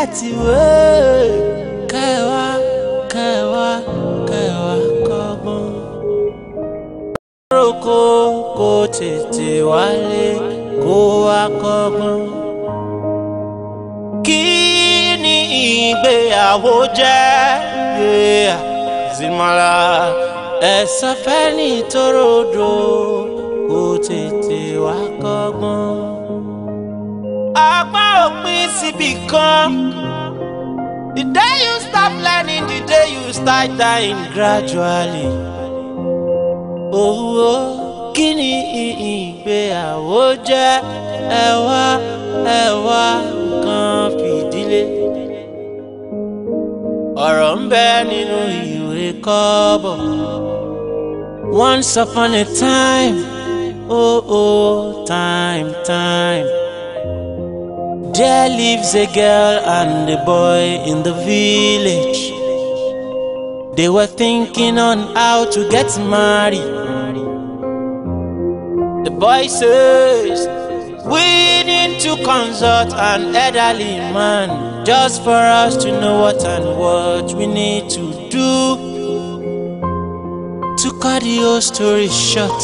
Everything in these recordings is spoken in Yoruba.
láti wò ó kẹwà kẹwà kẹwà kọ́gbọ́n. Roko kò tètè wálé kó wá kọ́gbọ́n. Kí ni ìgbéyàwó jẹ́? Zimala ẹ̀sán fẹ́ ní tòròdò kò tètè. apá òpin síbi kan. The day you stop learning, the day you start dying gradually. Owó kí ni ìgbéyàwó jẹ́ ẹ̀wá ẹ̀wá kan fìdílé. Ọ̀rọ̀ ń bẹ nínú ìwé kọ́bọ̀. Once upon a time, oh oh time time. There lives a girl and a boy in the village. They were thinking on how to get married. The boy says, We need to consult an elderly man just for us to know what and what we need to do. To cut the whole story short,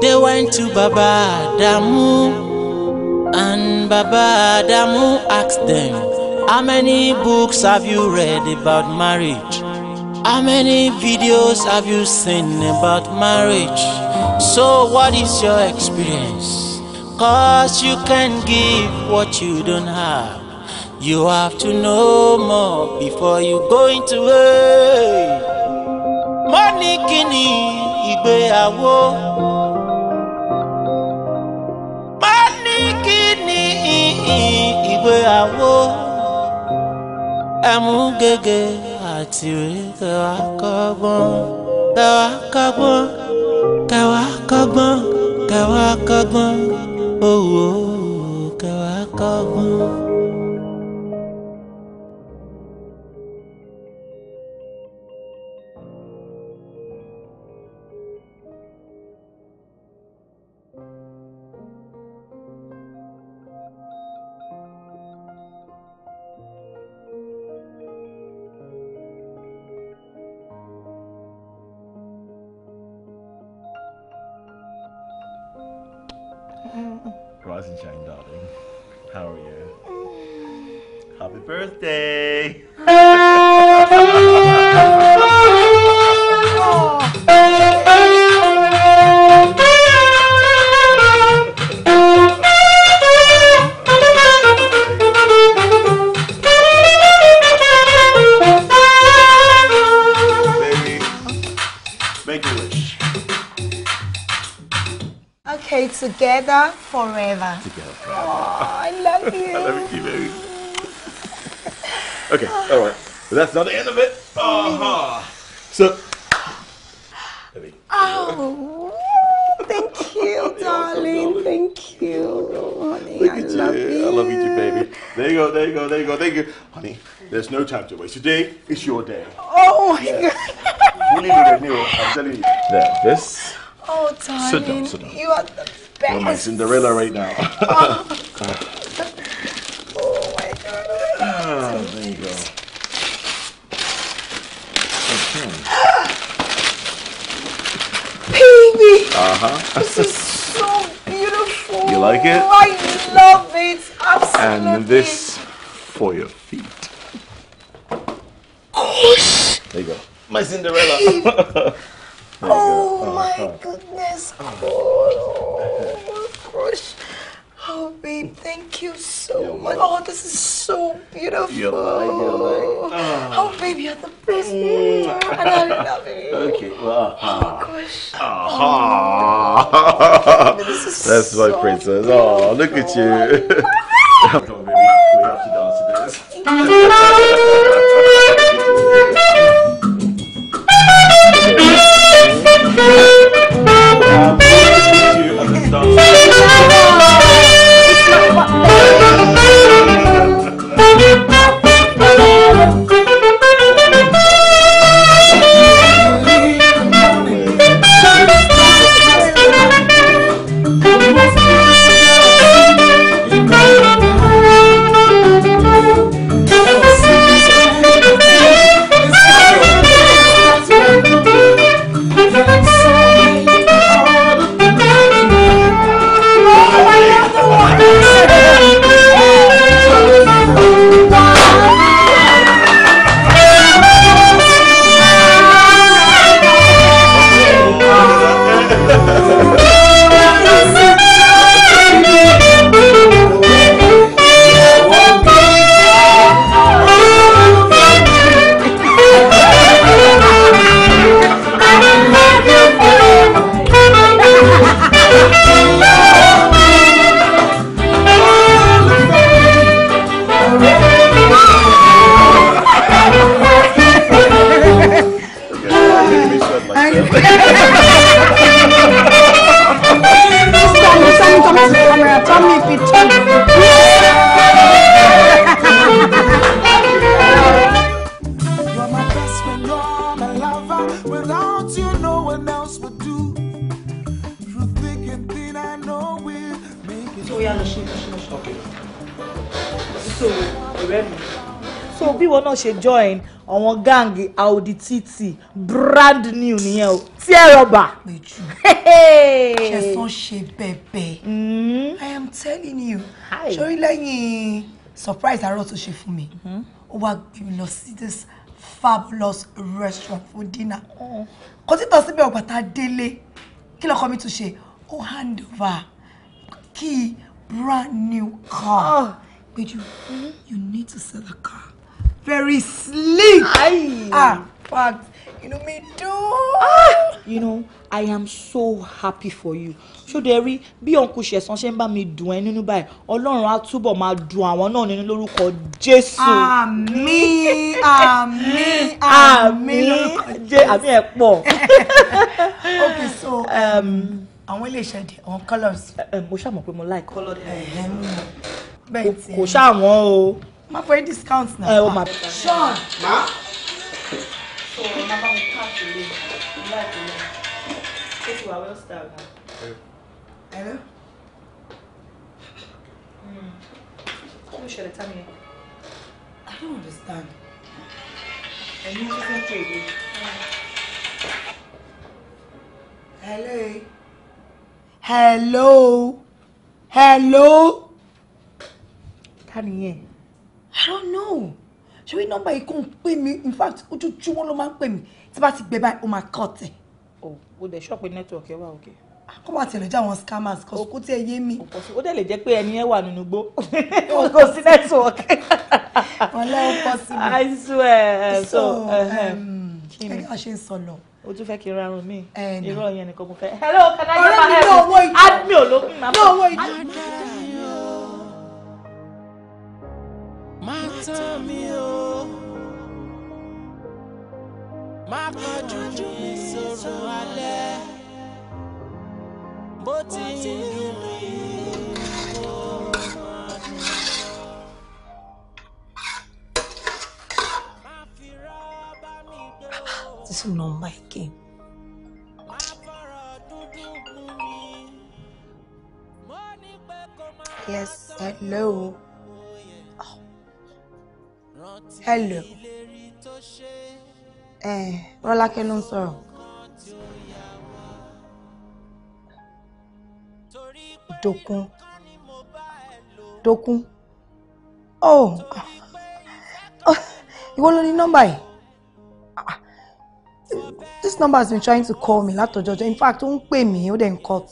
they went to Baba Damu. And Baba Adamu asked them, How many books have you read about marriage? How many videos have you seen about marriage? So, what is your experience? Cause you can't give what you don't have. You have to know more before you go into it. Money, kini, ìgbéyàwó. ìgbéyàwó ẹ̀mú gègé àti ìwé kẹwàá kọ́gbọ́n kẹwàá kọ́gbọ́n kẹwàá kọ́gbọ́n kẹwàá kọ́gbọ́n owó kẹwàá kọ́gbọ́n. How are you? Happy birthday! Together forever. Together forever. Oh, I love you. I love you, baby. okay, all right. that's not the end of it. uh So. Oh, thank you, darling. Thank you, honey. I love you. I love you too, baby. There you go, there you go, there you go, thank you. Honey, there's no time to waste. Today is your day. Oh my yeah. god. We'll leave it at I'm telling you. Now, this Oh, darling. Sit down, sit down. You are the best. You're my Cinderella right now. oh. oh my god. Oh, there you go. Okay. Baby. Uh huh. This is so beautiful. You like it? I love it. Absolutely. And this for your feet. Gosh. There you go. My Cinderella. There oh go. Oh, my oh. goodness, oh, oh my gosh. Oh, babe, thank you so much. Oh, this is so beautiful. oh, ah. baby, you're the best. Mm. and I love you. Okay, well, uh-huh. Oh, gosh. Uh-huh. Oh, this is That's so my princess. Beautiful. Oh, look at you. Come on, baby. We have to dance to this. so ọ̀rẹ́ mi. so bí wọn náà ṣe join àwọn gáàngì audi tt brand new nìyẹn o tí ẹ rọba. péjú ṣẹ̀sán ṣe bẹ̀bẹ̀ mm-hmm. i am telling you sori lẹ́yìn surprise àárọ̀ tó ṣe fún mi mm-hmm. ó wá gbé mi lọ sí this fabulous restaurant fún dinner oh. kò tí tọ́ síbẹ̀ ọ̀gbà tá a délé kí lọ́kọ mi tún ṣe ó hand over key brand new car. But you, mm-hmm. you need to sell the car. Very sleek. Aye. Ah, fact. You know me too. Ah, you know, I am so happy for you. So Derry, be Ṣódẹ̀rí bí Uncle Ṣẹ̀san me do any mi dùn ẹ́ nínú báyìí, Ọlọ́run á túbọ̀ máa dùn àwọn náà nínú lórúkọ Jésù. Àmín àmín àmín lórúkọ Jésù. Àmín ẹ̀ pọ̀. Okay, so. Um, àwọn iléeṣẹ́ dé àwọn colours. ẹ mo ṣàmọ̀ pé mo like colour. ẹ ẹ mú un bẹ́ẹ̀ tí kò ṣàwọn o. má fọ discount náà. ẹ o ma. Ah, sean. ma. so ọ̀nà bá mi káàkiri ìlú àìpẹ́ ó ti wà well styled. hello. Hmm. kí ló ṣẹlẹ̀ tá mi yẹn. I don't understand. ẹ̀yin tó fẹ́ pè é. hello hello hello ta nìyẹn i don't know ṣé wí nọ́mbà yìí kò ń pè mí in fact ojoojúmọ́ ló máa ń pè mí tí bá ti gbé báyìí ó máa cut ẹ̀. o o dẹ̀ ṣọ́ọ̀pù network ẹ wá òkè. Ah, kó má tiẹ̀ lè jẹ́ àwọn scammers kò kó tiẹ̀ yé mi. ó dẹ̀ lè jẹ́ pé ẹni ẹ wà nínú igbó kò sí network. wọ́n lẹ́wọ́ possible. i swear so. so um, kí ni ẹ ká ṣe ń sọ lọ o tún fẹ́ kí ra mi irọ́ yẹn nìkan mo fẹ́ hello can i get my help admi olókùn máa bọ̀ owó ìdí. mi o máa kọjú mi sọ̀rọ̀ alẹ́ bó ti ń dùn mí. this number again. Yes, hello. Oh. Hello. Eh, Rọ́lákẹ́ ló ń Dokun. Dòkun. Dòkun. Oh. you ah. oh, want ní nọ́mbà yìí this number has been trying to call me Lato látọjọjọ in fact ó ń pè mí ó dẹ̀ cut.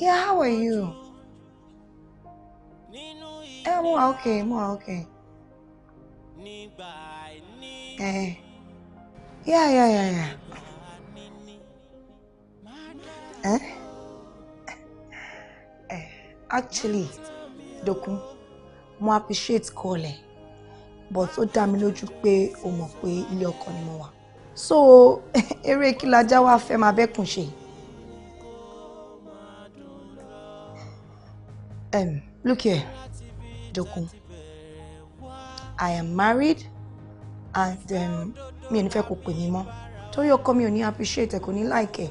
yeah how are you? ẹ eh, mo wà okay mo wà okay. Eh? yeah yeah yeah yeah. Eh? Eh, actually dokun mo appreciate call Eh but ó dá mi lójú pé o mọ̀ pé ilé ọkọ ni mo wà so eré kí la já wá fẹ́ máa bẹ́kùn ṣe. Um, look here, Dokun. I am married and um, mi ò ní fẹ́ kó pè mí mọ́ torí ọkọ mi ò ní appreciate ẹ̀ kò ní like ẹ̀.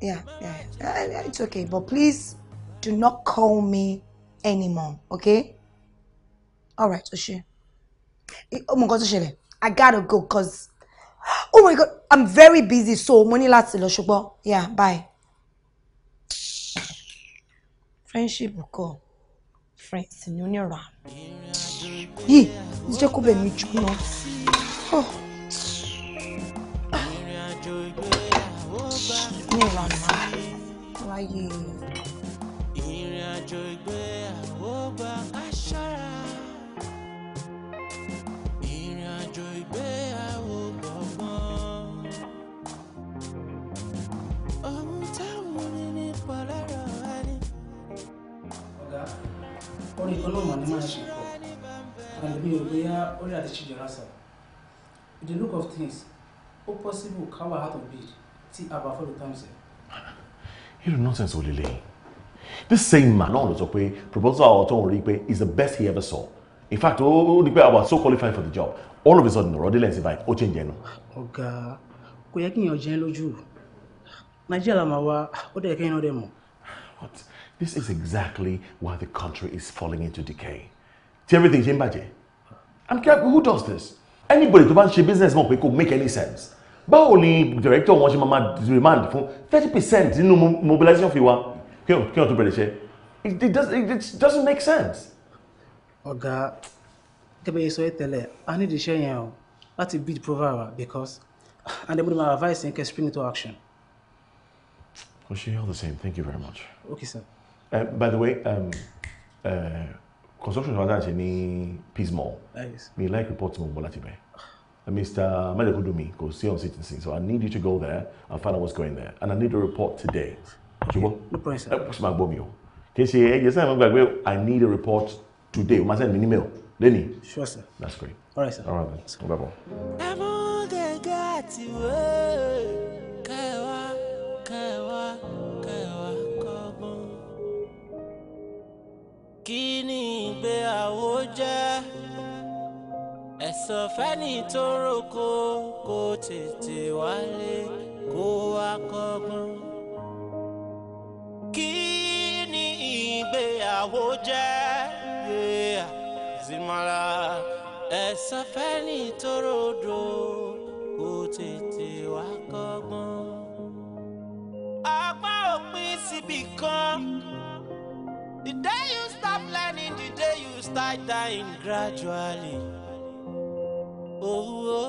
Yeah, yeah, it's okay, but please do not call me anymore, okay? All right, Oshie. Oh my God, Oshie, I gotta go cause oh my God, I'm very busy. So mo ní láti lọ yeah, bye. Friendship call friends you're near ni onira. Yìí, jẹ́ kó bẹ̀ mí jóná. Oh. Ah. Ní ìlànà, wáyé. Ìrìn àjò ìgbéyàwó bá a ṣára ìrìn àjò ìgbéyàwó gbọ̀ngàn ohun táwọn ní nípa lára wa ni. ọ̀gá orin kan náà mà ní máa ṣe pọ̀ àdébí òbíyá orí àti ṣìjọra sọ the look of things ó possible ká wà out of bed tí a bá follow times. irú nonsense wo lélẹ́yìn this same man náà ló sọ pé proposal ọ̀tún rí pé is the best he ever saw in fact ó ní pé i was so qualified for the job all of a sudden ọ̀rọ̀ délẹ̀ sí báyìí ó change ẹnu. ọ̀gá kò yẹ kí èèyàn jẹ́ lójú nàìjíríà làmà wa ó dẹ̀ kẹ́yìn náà dẹ̀ mọ̀. but this is exactly why the country is falling into decay tí everything ṣe ń bàjẹ́ i'm care who does this anybody tó bá ń ṣe business mọ̀ pé kò make any sense báwo ni director wọn ṣe máa ma demand fún thirty percent nínú mobilization fee wa kí wọ́n tó bẹ̀rẹ̀ iṣẹ́ it doesn't it doesn't make sense. ọ̀gá gẹ́gẹ́ bí sọ ẹ́ tẹ́lẹ̀ I need iṣẹ́ yẹn o láti bid prover because and then my advice yẹn kẹ́ spring into action. o ṣe all the same thank you very much. okay sir. Uh, by the way um, uh, construction wa dáa ṣe ní peace mall ah, mi like report mo gbọ́ láti bẹ̀. Uh, Mr. Madekodomi, go see on sitting so I need you to go there and find out what's going there. And I need a report today ṣùgbọ́n ẹ pọ̀ sí máa gbọ́ mi o kì í ṣe ẹ̀jẹ̀ sáà máa gbàgbé I need a report today o máa send me an email lẹ́nìí. sure sir that's great. all right sir all right then mo bá bọ̀. àti wẹ́ẹ̀ kẹwàá kẹwàá kẹwàá kọ́gbọ́n kí ni ìgbéyàwó jẹ́ ẹ̀sán fẹ́ni tó roko kó tètè wálé kó wá kọ́gbọ́n. ìyàwó jẹ́ zimara ẹ̀san fẹ́ni torodo kò tètè wá kọ́gbọ́n. ọgbọ́n òpin síbi kan the day you stop learning the day you start dying gradually. owó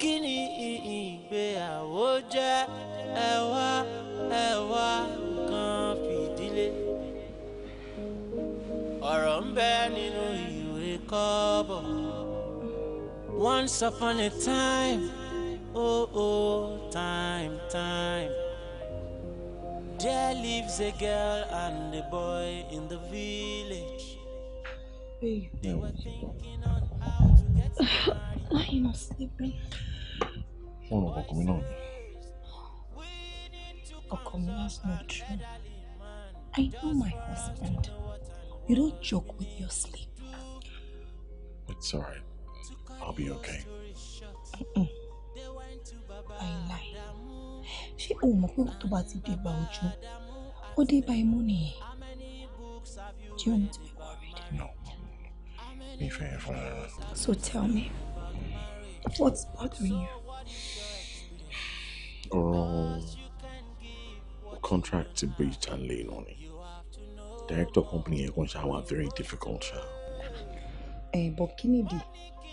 kí ni ìgbéyàwó jẹ́ ẹ wá nínú ìwé kọ́bọ̀. once upon a time oh oh time time. There lives a girl and a boy in the village. Babe. They were thinking on how to get I'm not sleeping. Wọn ò ọkọ mi náà ni. Ọkọ true. I know my husband. You don't joke with your sleep. It's alright. I'll be okay. I lie. Ṣé o mọ̀ pé tó bá ti dé bá ojú? Ó dé bá imú nìyẹn. Do you need to be worried? No. Mi fẹ́ yẹn fún So tell me, what's bothering you? Ọ̀rọ̀ contract to beat and lean on it director company yẹn kan ṣáà wà very difficult ṣáà. ẹ bọ kí nìdí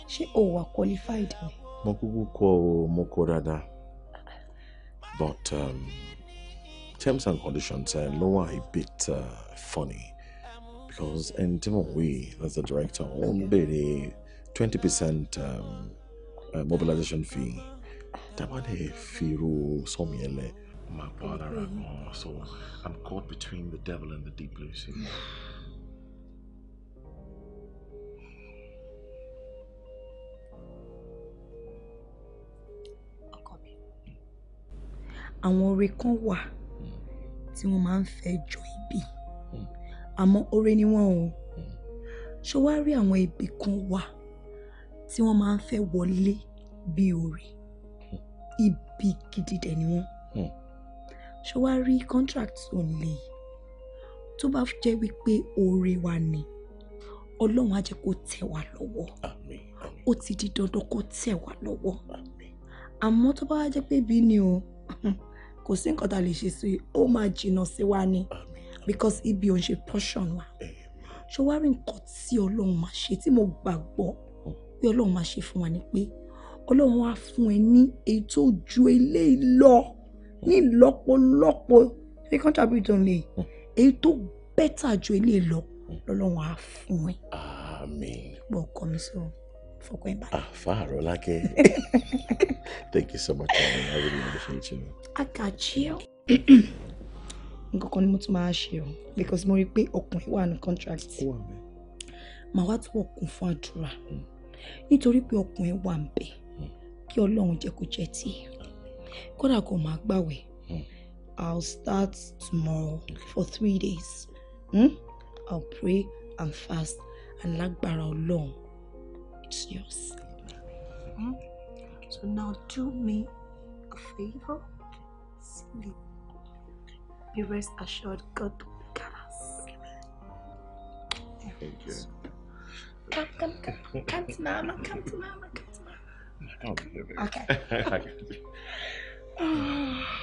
ṣé o wà qualified ni. mo kúkú kọ o mo kọ dáadáa but um, terms and conditions uh, ló wà a bit uh, funny because ẹni tí mo wí as the director ó ń béèrè twenty percent um, uh, mobilization fee tábàdé fi irú sọmi yẹn lẹ́ẹ̀ my father alcohol, so I'm caught between the devil and the deep blue sea. Hmm. àwọn oore kan wà hmm. tí wọ́n máa ń fẹ́ jọ ibi hmm. àmọ́ oore ni wọ́n o ṣó wá rí àwọn ibi kan wà tí wọ́n máa ń fẹ́ wọlé bí oore ibi gidi dẹ̀ ni wọ́n. Mm ṣé wàá rí contract tó ń lè tó bá jẹ́ wípé oore wa ni ọlọ́run á jẹ́ kó tẹ̀ wá lọ́wọ́ ó ti di dandan kó tẹ̀ wá lọ́wọ́ àmọ́ tó bá wá jẹ́ pé bí ni o kò sí nǹkan tá a lè ṣe sí ó máa jìnnà sí wa ni because ibi ò ń ṣe portion wa ṣé wàá rí nǹkan tí ọlọ́run máa ṣe tí mo gbàgbọ́ hmm. pé ọlọ́run máa ṣe fún wa ni pé ọlọ́run á fún ẹ ní èyí tó ju eléyìí lọ ní lọ́pọ̀lọpọ̀ ṣe contribute òun lè èyí tó bẹ́tà ju ilé lọ lọ́lọ́run á fún ẹ. àmín. gbọ́ ọkọ mi sọ fọkàn ìbàdàn. àfa àrọ́lákẹ́ thank you so much for having me i really appreciate you. àgàjì ọ nǹkan kan ni mo tún máa ṣe o because mo rí i pé ọkùnrin wà ní contract màá wá tún ọkùn fún àdúrà hmm. nítorí pé ọkùnrin wà ń bẹ hmm. kí Ọlọ́run jẹ́ kó jẹ́ tiẹ̀. kódà kò máa gbàwẹ̀ hmm. I'll start tomorrow for three days hmm? I'll pray and fast and lágbára Ọlọ́run it's yours. mm So now do me a favor sleep be rest assured God will Thank you. Come, come, come. Come to mama. Come to mama. Come to mama. Okay. okay. Oh.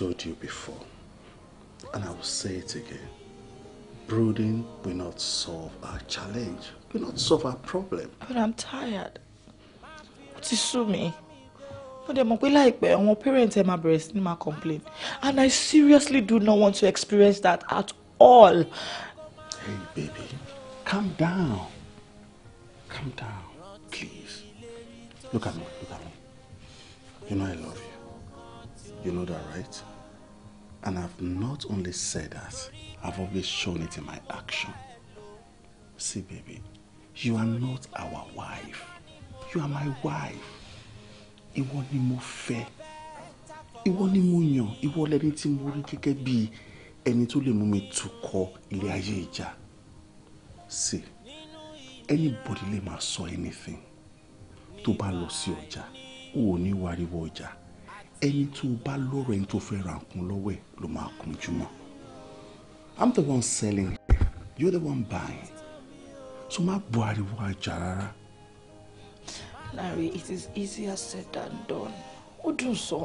told you before, and I will say it again. Brooding will not solve our challenge, will not solve our problem. But I'm tired. Ó ti sú mi. Mo dẹ̀ mọ̀ pé láìpẹ́ àwọn parents ẹ̀ máa bẹ̀rẹ̀ sí ní máa complain and I seriously do not want to experience that at all. Hey baby, calm down. Calm down, please. Look at me, look at me. You know I love you. You know that, right? And I've not only said that, I've always shown it in my action. See, baby, you are not our wife. You are my wife. Ìwọ ni mo fẹ́. Ìwọ ni mo yàn. Ìwọ lẹni tí mo rí gẹ́gẹ́ bí ẹni tó lè mú mi tukọ̀ ilé ayé ìjà. See, anybody lè máa sọ anything. Tó bá lọ sí ọjà, o ò ní wariwo ọjà ẹni tó bá lọ́rọ̀ ẹni tó fẹ́ ra nǹkan lọ́wọ́ ẹ̀ ló máa kún jùmọ̀ i'm the one selling you're the one buying so má bu ariwo àjà rárá. Larry it is easier said than done ó dùn so.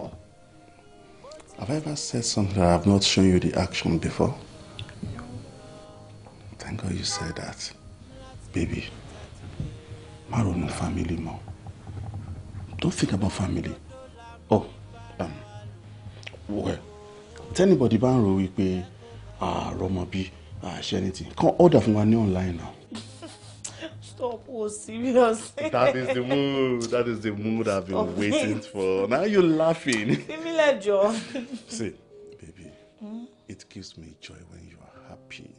have I ever said something that I have not shown you the action before? Thank God you said that. Baby, má ronú family mọ́. Don't think about family well tẹ́nìbọ̀dì bá ń ro wípé àrọ́mọ bí àṣẹ́ni tì kàn order fún wa ní online now. Stop, oh, serious. that is the mood. That is the mood I've been waiting for. Now you're laughing. Similar job. See, baby, mm? it gives me joy when you are happy.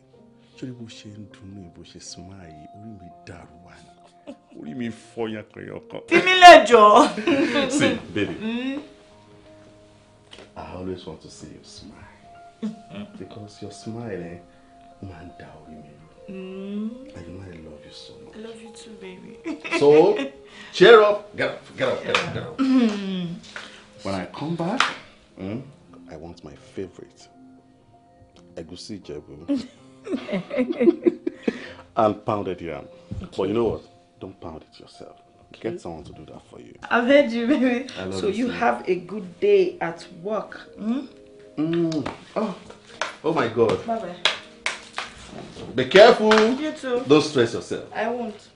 Ṣé bó ṣe ń dunnú bó ṣe smile orí mi dàrú wá ni? Orí mi fọ́ yankanyankan. Similar job. See, baby. Mm? always want to see you smile because your smile eh máa ń da orí mi mm. and you know I love you so much. I love you too baby. so cheer up get up get up get up get up. Mm-hmm. when I come back mm, I want my favourite egusi ijebu and pounded yam okay. but you know what don't pound it yourself. Get someone to do that for you. I've heard you, baby. I love so you thing. have a good day at work. Mm? Mm. Oh. oh my God. Bye bye. Be careful. You too. Don't stress yourself. I won't.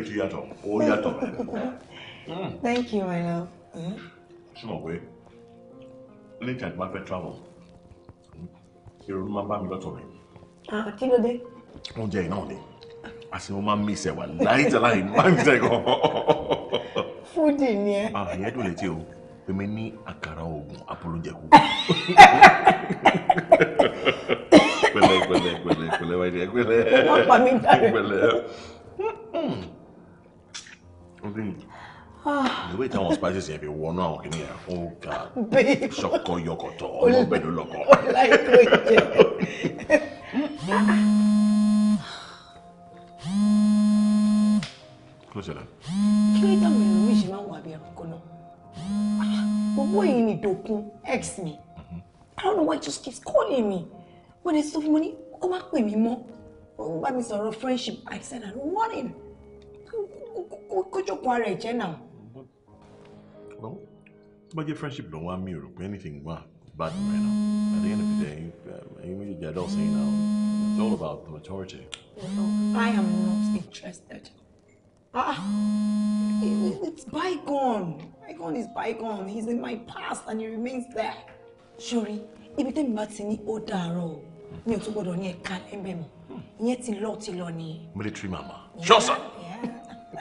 lè ti yàtọ̀ ó yàtọ̀ bẹ́ẹ̀. thank you my love. Mm-hmm. ṣùgbọ́n pé ní ìjà tí wọ́n fẹ́ travel ìrònú máa ń bá mi lọ́tọ̀ mi. Ah, kí ló dé. oúnjẹ ìnáwó ni àti mo máa ń mísẹ̀ wà láyé tí aláì máa ń mísẹ̀ gan. fúdì ni ẹ. àyẹ́ ah, dùn létí o pé mi ní àkàrà oògùn apolójẹkù. pẹ̀lẹ́ pẹ̀lẹ́ pẹ̀lẹ́ pẹ̀lẹ́ wáyé pẹ̀lẹ́. wọ́n pa mí dáre. pẹ̀lẹ́. Hmm, hmm. Ah. the way táwọn spices yẹn fi wọnú àwọn kìnìún yẹn ó oh ga ṣọkọ yọkọtọ ọmọ bẹ́ẹ̀ ló lọkọ. ọláìkó jẹ. kí ló ṣẹlẹ̀. kí ló dáhùn ẹ̀rọ méjì máa ń wà bí ẹranko náà gbogbo ah, èyí ni dòkun ex me. I don't know why he just keeps calling me when it's so money, ó má pè mí mọ́ ó bá mi sọ̀rọ̀ friendship I said I don't want it kójókòó ara ẹ̀ tó bá jẹ́ friendship ló wá mi rò pé anything wà bad right now at the end of the day ẹ̀yin méjèèjì adults ẹ̀yin now it's all about the maturity. I am not interested. Ah, it's bygone. Bygone is bygone. He's in my past and he remains there. Ṣorí, if you bá ti ní ó dàárọ̀ o, mi ò tún gbọ́dọ̀ ní ẹ̀ka lẹ́m̀bẹ̀ mọ́. Ìyẹn ti lọ ti Military mama. Sure sir. Yeah.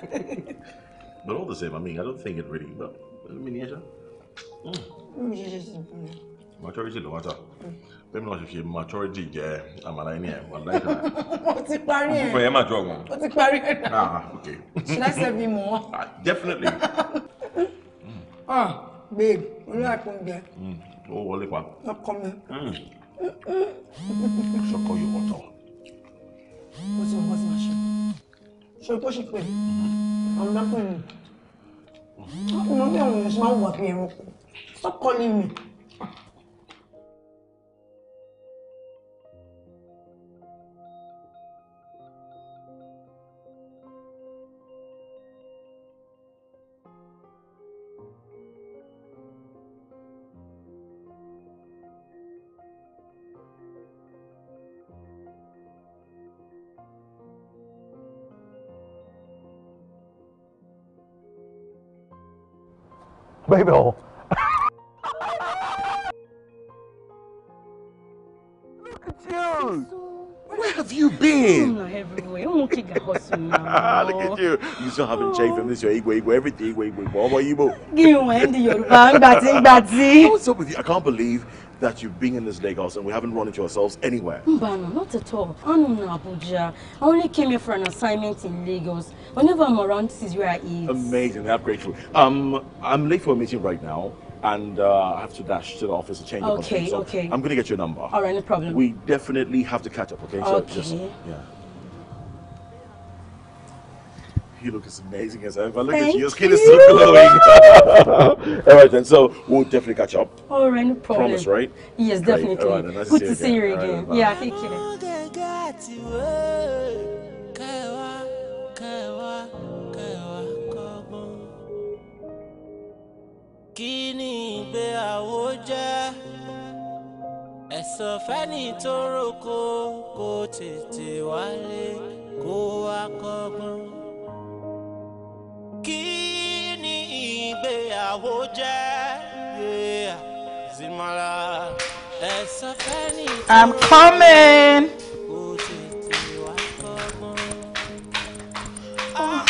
but all the same, I mean, I don't think it really. But miniature. Mm. Maturity no matter. Mm. Bẹ́ẹ̀ni wọ́n ṣe fi maturity jẹ àmàlà ẹni ẹ̀ wọ́n láìka. Mo ti parí ẹ̀. Mo fẹ́ máa jọ wọn. Mo ti parí ẹ̀ Ah, okay. Should I serve you more? Ah, definitely. Ah, babe, olú àkúndẹ. Mm, ó wọlé pa. Ọkọ mi. Sọkọ yóò wọ̀tọ̀. Mo ti wọ́n sí màṣẹ́ ṣe tó ṣe pé i'm not paying you. mo àwọn wà bí ẹranko stop calling me. baby hole. Look at you. Where have you been? Look at you. You still haven't changed from this, your igwe, ego, everything, igwe, igwe. What were you, boo? What's up with you? I can't believe that you've been in this Lagos and we haven't run into ourselves anywhere. Mbano, not at all. I'm in Abuja. I only came here for an assignment in Lagos. Whenever I'm around, this is where I eat. Amazing. I'm grateful. Um, I'm late for a meeting right now and uh, I have to dash to the office to change okay, the Okay, so okay. I'm going to get your number. All right, no problem. We definitely have to catch up, okay? okay. just, yeah you look as amazing as ever. Look Thank at you, your skin is still glowing. all right, then. So we'll definitely catch up. All right, no problem. Promise, right? Yes, Great. definitely. Right, nice Good to see you again. See you again. Right, yeah, take care. kí ni ìgbéyàwó jẹ́ ẹ̀san fẹ́ni tó roko kó tètè wálé kó wá kọ́gbọ́n. kí ni ìgbéyàwó jẹ́ zimala ẹ̀sán fẹ́ ní. I'm coming. Ah.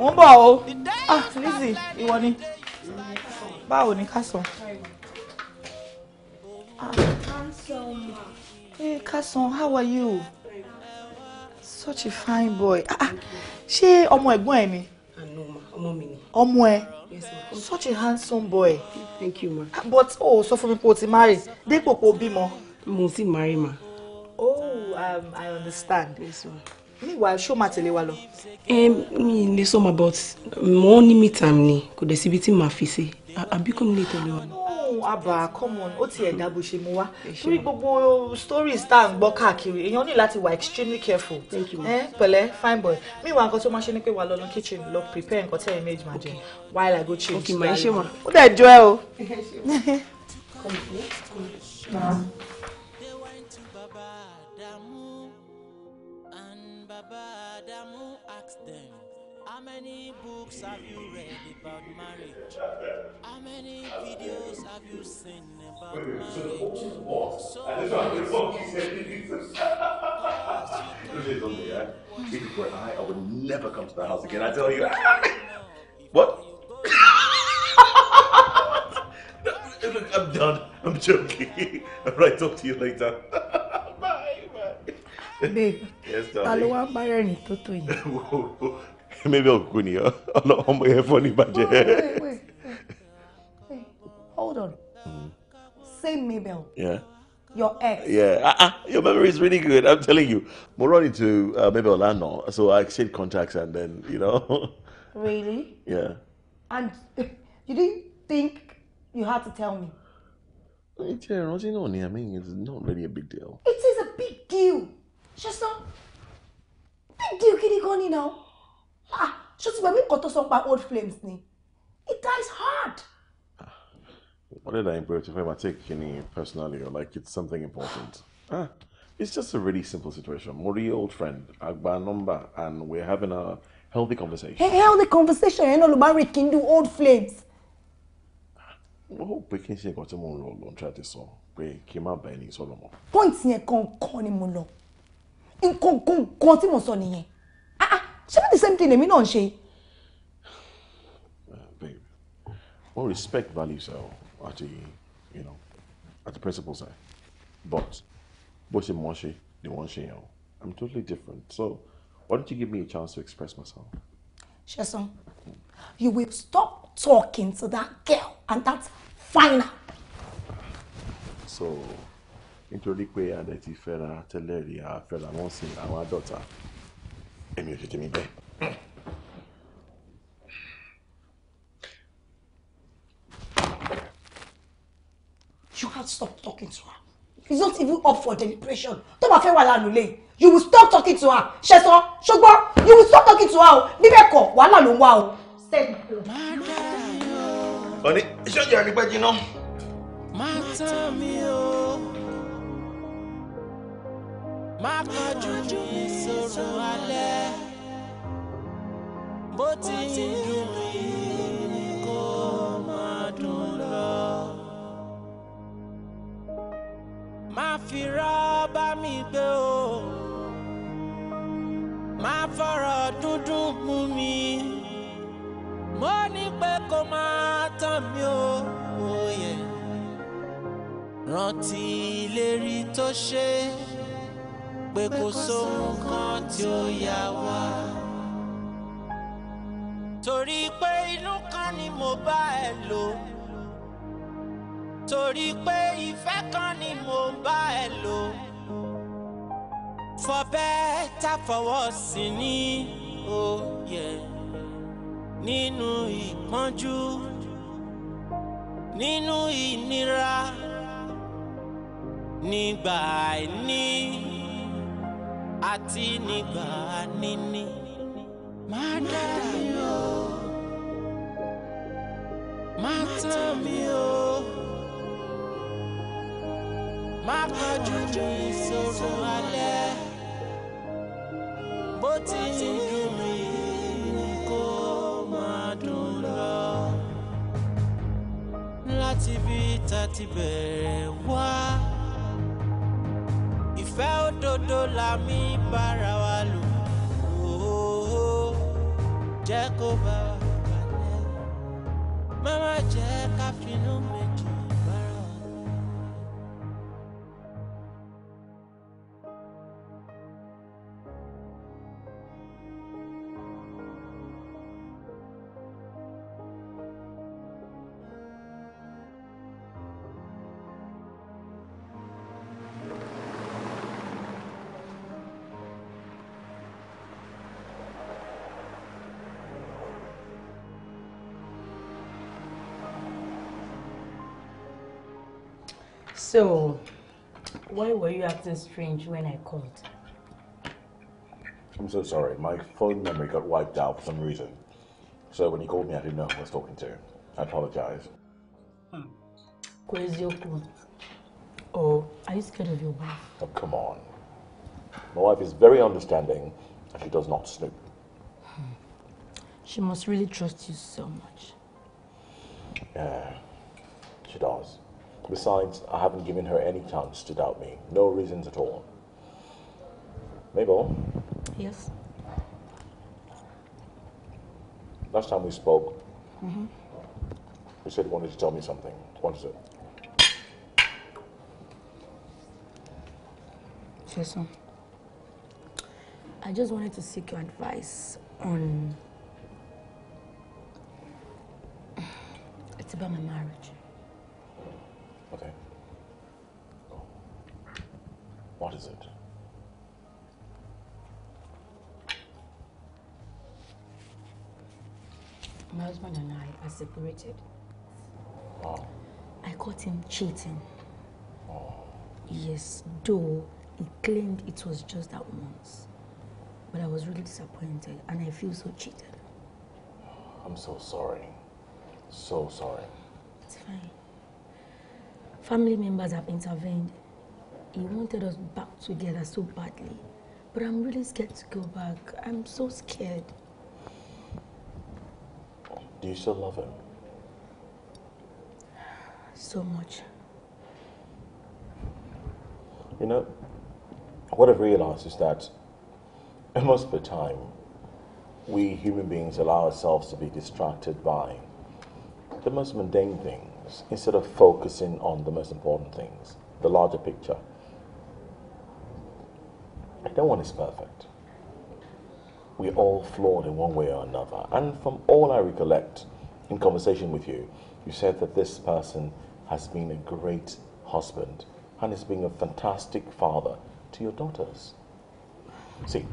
mo ń bọ̀ o ah Lizzy ìwọ ni báwo ni kásán. Ah. Hey, Kason, how are you? such a fine boy ah, ah, ṣé ọmọ ẹ̀gbọ́n ẹ ni. Ah, ọmọ mi ni. ọmọ ẹ such a handsome boy. thank you ma. Ah, but o oh, sọ fún mi pé o ti marry dépò pé o bímọ. mo ti marry ma. oh um, i understand. Meanwhile, ma níwàá ṣó máa tẹ̀lé wa lọ. ẹ mi lè sọ ma but mo ní mi time ni kò dẹ̀ síbi tí màá fi ṣe àbí kò ní lè tẹ̀lé wa lọ ọlọ́run àbà come on ó ti ẹ̀dá bó ṣe mu wá torí gbogbo stories tá à ń gbọ́ káàkiri èèyàn ní láti wà extremely careful ẹ eh, pẹ̀lẹ́ fine boy mi wà nǹkan tó máa ṣe ni pé wà lọ́nà kitchen lọ prepare nǹkan tẹ́ image méjì máa jẹ while I go change. Okay, my ṣe wọn ó dẹ̀ jọ ẹ o. How many books have you read about marriage? How many videos have you seen about marriage? So, Even for I would never come to the house again. I tell you. what? Look, I'm done. I'm joking. All right, talk to you later. bye, bye. Babe, yes, darling. Maybe òkú ni ọ ọmọ yẹn fọ́ ní ìbàjẹ́. wait wait wait hold on mm. same Mabel. Yeah. Your ex. Yeah, uh, uh, your memory is really good. I'm telling you. we're running uh, maybe Orlando. so I exchanged contacts and then, you know. really? Yeah. And you didn't think you had to tell me? It's, I mean, it's not really a big deal. It is a big deal. Just not big deal, Kitty Connie now. ah ṣó ti wẹ̀ mí nǹkan tó sọ pa old flames ni it dies hard. Ah, what did I improve if I might take any personally or like it's something important? Ah, it's just a really simple situation. Mori, old friend, Agba number, and we're having a healthy conversation. Hey, healthy conversation, you know, Lubari can do old flames. Wọ́n pé kí n ṣe nǹkan tí mò try this sọ We came up má bá ẹni sọ̀rọ̀ mọ́. Point yẹn kan kan ni mo lọ. Nǹkan kan kan tí mo sọ ṣé bí the same thing èmi náà ń ṣe. Uh, babe wọ́n respect values are uh, at the, you know at the principles ẹ̀ but bó ṣe mọ̀ ṣe ni wọ́n ṣe yẹn i'm totally different so why don't you give me a chance to express myself. sheson you will stop talking to that girl and that's final. so nítorí pé adẹ ti fẹ́ra tẹ́lẹ̀ rí a fẹ́ra wọ́n sí àwọn adọ́ta èmi ò ṣe tèmi bẹ́ẹ̀. you can't stop talking to her it's not even up for deliberation tó bá fẹ́ wà lánàá you will stop talking to her ṣẹ̀sán ṣùgbọ́n you will stop talking to her o bíbẹ̀ kọ̀ wàhálà ló ń wá o. ọ̀ní ṣọ́jà ẹni pẹ́ jiná. má má kánjú mi sọ̀rọ̀ alẹ́ bó ti ń dùn mí kó máa dùn lọ. má fi rọ́bà mi gbé o má fọ̀rọ̀ dúdú mú mi mo ní pé kó máa tán mi o òye rántí ìlérí tó ṣe é pé kò sóhun kan tí ó yà wá. torí pé inú kan ni mo bá ẹ lò torí pé ìfẹ́ kan ni mo bá ẹ lò for better for worse ni ó oh nínú ìpọ́njú nínú ìnira nígbà àìní àti nígbà níní má dá mi o má tán mi o má kọjú mi ìṣòro alẹ́ bó ti ń dùn mí láti bí tá ti bẹ̀rẹ̀ wá dóòlà mi bára wa lò ó jẹ́ kó bá wa balẹ̀ má má jẹ́ ká finú So, why were you acting strange when I called? I'm so sorry. My phone memory got wiped out for some reason. So when he called me, I didn't know who I was talking to. I apologize. Where's your phone? Oh, are you scared of your wife? Oh, come on. My wife is very understanding and she does not snoop. She must really trust you so much. Yeah, she does. Besides, I haven't given her any chance to doubt me. No reasons at all. Mabel? Yes? Last time we spoke, mm -hmm. you said you wanted to tell me something. What is it? Jason, I just wanted to seek your advice on... It's about my marriage. Okay. What is it? My husband and I are separated. Ah. I caught him cheating. Oh. Yes, though he claimed it was just that once. But I was really disappointed and I feel so cheated. I'm so sorry. So sorry. It's fine. Family members have intervened. He wanted us back together so badly. But I'm really scared to go back. I'm so scared. Do you still love him? So much. You know, what I've realized is that most of the time, we human beings allow ourselves to be distracted by the most mundane things instead of focusing on the most important things, the larger picture. No one is perfect. We're all flawed in one way or another. And from all I recollect in conversation with you, you said that this person has been a great husband and is being a fantastic father to your daughters. See,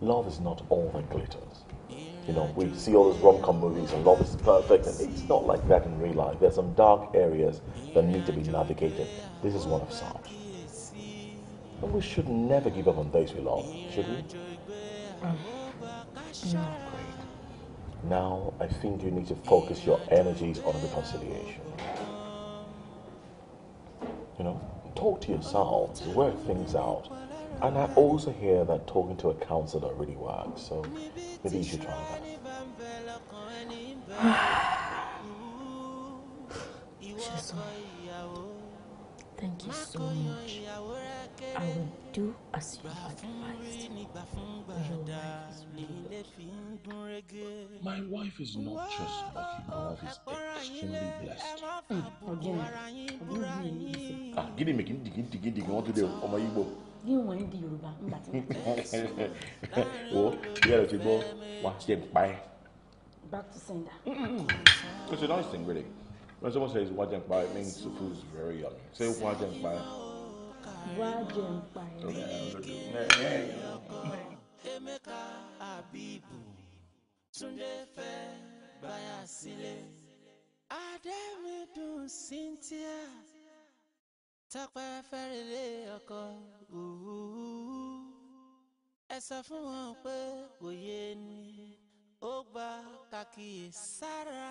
love is not all that glitters. You know, we see all those rom-com movies and love is perfect, and it's not like that in real life. There's some dark areas that need to be navigated. This is one of such. And we should never give up on those we love, should we? Mm. No. Great. Now, I think you need to focus your energies on reconciliation. You know, talk to yourselves, work things out. And I also hear that talking to a counselor really works, so maybe you should try that. Jason, thank you so much. I will do as you advised. My wife is not just lucky, my wife is extremely blessed. Again, give me I'm not being easy. Ah, giddy, giddy, giddy, giddy, giddy, giddy, giddy, giddy, giddy, níwọ̀n ń di yorùbá ńgbà tí mo wo bí ẹ̀rọ ti gbọ́ wá ṣe ń pa ẹ́. back to sender. Mm-hmm. it's a nice thing really when someone says wá jẹ́ ń pa it means the food is very young. say wá jẹ́ ń pa ẹ́. wá jẹ́ ń pa ẹ́. Emeka Abibu Túndé fẹ́ gbáyà sílé Adémídùn Cynthia tọpẹ fẹrẹ ọkọ ẹ sọ fún wọn pé òye ni ó gba kàkíyèsára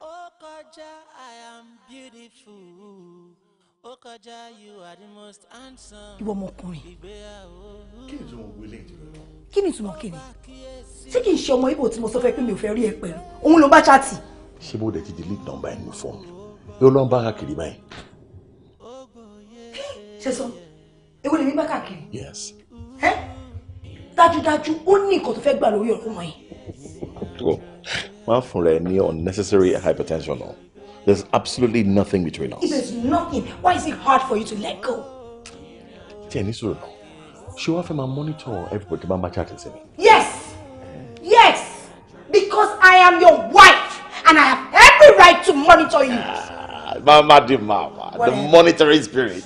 ó kọjá I am beautiful ó kọjá you are the most handsome. ìwọ ọmọkùnrin kí ni ìtumọ̀ òwe lẹ́yìn tí kí ni ìtumọ̀ kí tí kì í ṣe ọmọ ibo tí mo sọ fẹ́ pé mi ò fẹ́ rí ẹ pẹ̀lú òun ló bá ṣáàtì. ṣé bó dẹ̀ ti delete number ẹ̀ nínú fọ́ọ̀mù yóò lọ́n bá kiri báyìí. ṣé sọ èwo lè ní bá káàkiri. yes. ẹ dájúdájú ó ní nǹkan tó fẹ́ gbà lórí ọ̀rọ̀ wọn yìí. tó máa fún rẹ ní unnecessary hypertension náà there is absolutely nothing between us. if there is nothing why is it hard for you to let go. tí ẹ ní sọ̀rọ̀ náà ṣé wàá fẹ́ máa monitor everybody máa bá chat sí mi. yes yes because I am your wife and I have every right to monitor you. Uh, mama di mama the monitoring spirit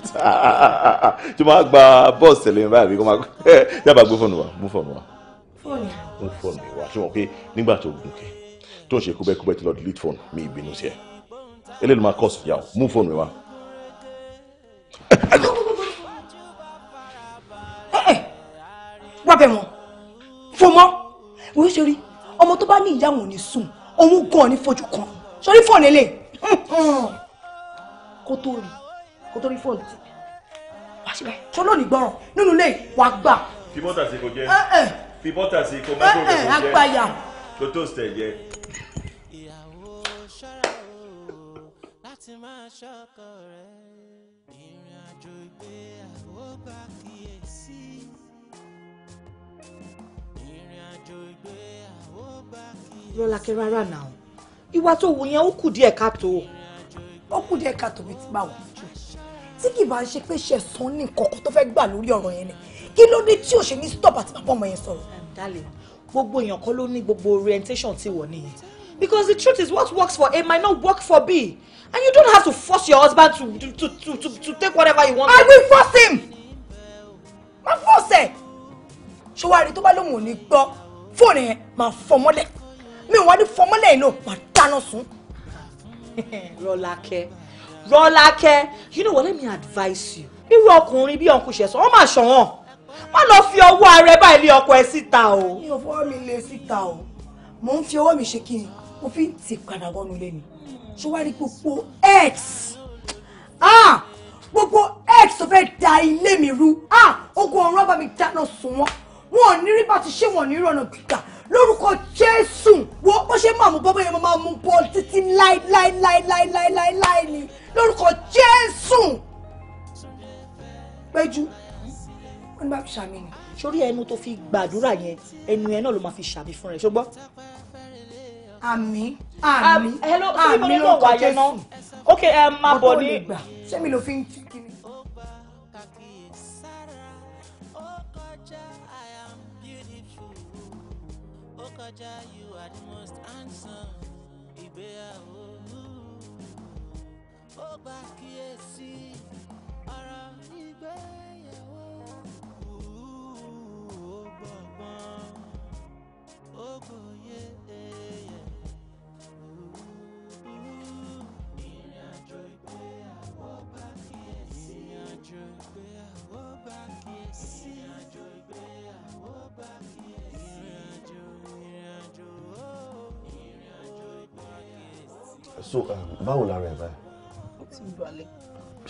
tí mo gba bọ́ọ̀sì tẹ̀lé mi báyìí kó máa yàgbà gbé fóònù wa mú fóònù wa mú fóònù mi wa ṣé wọn pé nígbà tó gùn kẹ tó ń ṣe kúbẹ́kúbẹ́ ti lọ delete phone. mi ìbínú sí ẹ eléyìí ló máa kọ́ sùn yà ó mú fóònù mi wa. wá bẹ̀ wọ́n fọmọ́ wọ́n ṣe rí ọmọ tó bá ní ìyá wọn ò ní sùn òun gan-an ní fojú kan sórí fóònù eléyìí kó tó rí kó tó rí fóònù tí wàá ṣe báyìí tó lónìí gbọ́ràn nínú ilé wàá gbà. fi bọ́tà sí kò jẹ́ fi bọ́tà sí kò microwave kò jẹ́ kò tó sẹ̀ jẹ́. láti máa ṣọkọ nà ìwà tó wù yẹn ó kù díẹ̀ káàtó o ó kù ká tòbí ti bá wà jù tí kì bá ń ṣe pé ṣe sàn ní nǹkan tó fẹ́ gbà lórí ọ̀rọ̀ yẹn ni kí ló dé tí ò ṣe ní stop àti bàbá ọmọ yẹn sọ̀rọ̀. Um, darling gbogbo èèyàn kọ́ ló ní gbogbo orientation ti wọ̀ nìyẹn because the truth is what works for A might not work for B and you don't have to force your husband to to to to, to take whatever you want. I will force him ma force ẹ ṣọwárí tó bá lóun ò ní gbọ́ fóònù yẹn máa fọmọ́lẹ̀ mi ò wá ní fọmọ́lẹ̀ yìí ló máa dáná sun. Rọ́lákẹ́ Rọ́lákẹ́ you know what let me advise you irú ọkùnrin bí ọkùnrin ṣẹ̀sán wọ́n máa ṣọ̀wọ́n má lọ fi ọwọ́ ààrẹ bá ilé ọkọ ẹ síta o. mi ò fọwọ́ mi lé síta o mò ń fi ọwọ́ mi ṣe kí ni mo fi ń tì padà wọnú lé mi ṣé wàá rí gbogbo x ah! gbogbo x tó fẹ́ da ilé mi rú ah! ogun ọ̀run bá mi dáná sun wọ́n wọn ò ní rí bá ti ṣe wọn ní ìrọ̀nà gbígbà lórúkọ jésù wo bó ṣe máa mú bọ́ bóyá máa mú bọ́ títí láíláíláíláíláíláí ni lórúkọ jésù péjú wọn ní bá fi ṣàmì ni. sórí ẹnu tó fi gbàdúrà yẹn ẹnu yẹn náà ló máa fi ṣàmì fún rẹ ṣùgbọ́n. àmì àmì àmì lórúkọ jésù ok ẹ máa bọ̀ ní. ọkọ lè gbà sẹ́mi ló fi ń kí Aja, you are the most handsome. Oh, oh, Ìgbéyàwó. Ó gbà oh, oh, oh, oh, oh, oh, gbòye ẹ̀yẹ. Ìrìn àjò ìgbéyàwó gbà kíyèsí. Ìrìn àjò ìgbéyàwó gbà kíyèsí. so um, báwo lára ẹ̀ báyìí. ó ti ń balẹ̀.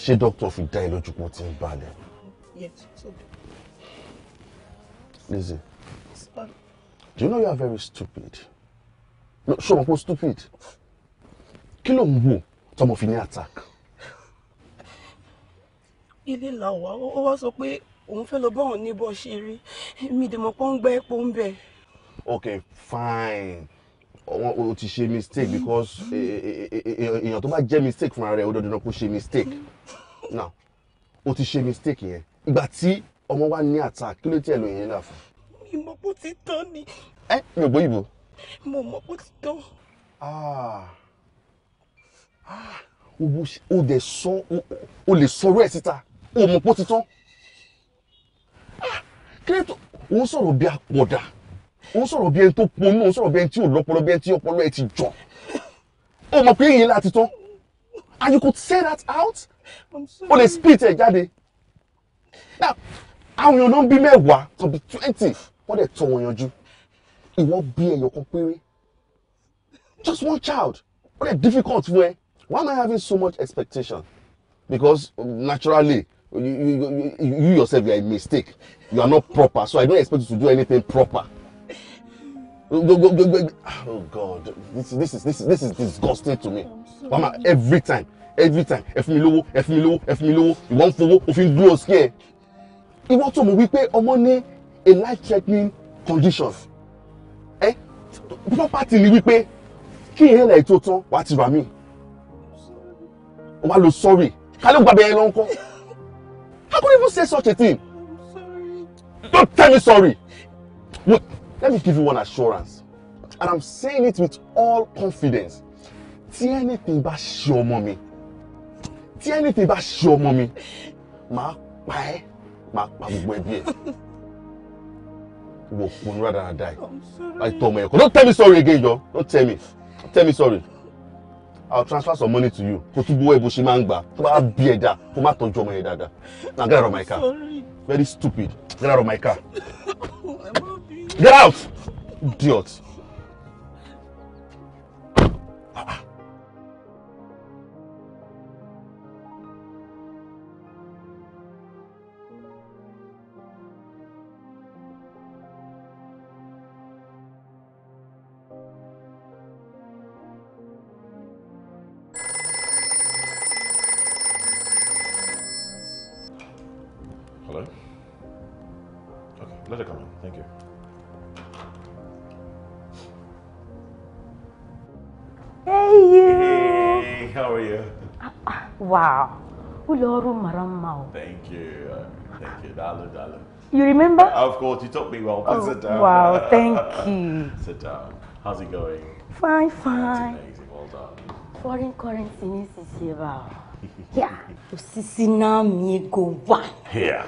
ṣé dókítà fi dá ẹ lójú pé ó ti ń balẹ̀. yes so. Lizzie do you know you are very stupid no ṣé o mọ̀ stupid kí ló ń wò tọmọ fi ní attack. ilé làwà ó wá sọ pé òun fẹ́ lọ bá òun níbọ̀ ṣe rí mi dè mọ̀ pé ó ń gbẹ́ epo ń okay fine wọn o ti ṣe mistake because e, e, e, èèyàn tó bá jẹ́ mistake fúnra rẹ̀ ó dandan kó ṣe mistake now o ti ṣe mistake yẹn ìgbà tí ọmọ wa ní attack kí ló tiẹ̀ lóyún yẹn náà fún. mi mọ̀ bó ti tán ni. ẹ mi ò gbọ́ mo mọ̀ bó ti tán. Ah. Ah. o dẹ̀ sọ o lè sọ̀rọ̀ ẹ̀ síta o mọ̀ bó ti tán. Ah. kí ló tó o ń sọ̀rọ̀ bí apọ̀dà òun sọ̀rọ̀ bí ẹni tó ponú òun sọ̀rọ̀ bí ẹni tí ò lọ́pọlọ bí ẹni tí ọpọlọ ẹ ti jọ ó mọ̀ pé èyí láti tán and you could say that out ó lè spit ẹ̀ jáde now àwọn èèyàn ló ń bí mẹ́wàá to be twenty wọ́n dẹ̀ tọ́ wọn yanjú ìwọ bí ẹyọ kan péré just one child ó dẹ̀ difficult fún ẹ why am I having so much expectation because um, naturally you, you, you, you yourself you are a mistake you are not proper so I don't expect you to do anything proper go go go go oh god this this is this is this is disgusting to me mama every time every time ẹ fún mi lówó ẹ low, mi lówó ẹ fún mi lówó ìwọ ń fowó òfin dúró sí ẹ ìwọ pay mọ̀ money in life threatening conditions, eh? property ni wípé kí ìyẹn lẹ́yìn tó tán wàá ti rà mí wàá lo sorry kálí gbàgbé yẹn ló ń kọ́ how could you even say such a thing don't tell me sorry. What? Let me give you one assurance, and I'm saying it with all confidence. Tí anything bá ṣe ọmọ mi, anything bá ṣe ọmọ Ma, màá pa ẹ́, màá pa gbogbo ẹbí ẹ̀. Wo kunu rádàrà dá ẹ̀. Àìtọ́ ọmọ ẹ̀kọ́. Don't tell me sorry again, yo. Don't tell me. tell me sorry. I'll transfer some money to you. Kò tún gbowó ẹ̀bùn ṣe máa ń gbà. Tó bá bí ẹ̀ dá, kó má ọmọ yẹn dáadáa. Now get out of my car. Very stupid. Get out of my car. Oh, Get out! Idiot. Ah. Wow. Uloru Maramao. Thank you. Uh, thank you. Dala, dala. You remember? of course, you taught me well. Please oh, sit down. Wow, thank you. sit down. How's it going? Fine, fine. That's amazing. Well done. Foreign currency needs to see about. Yeah. Usisi na go one. Yeah.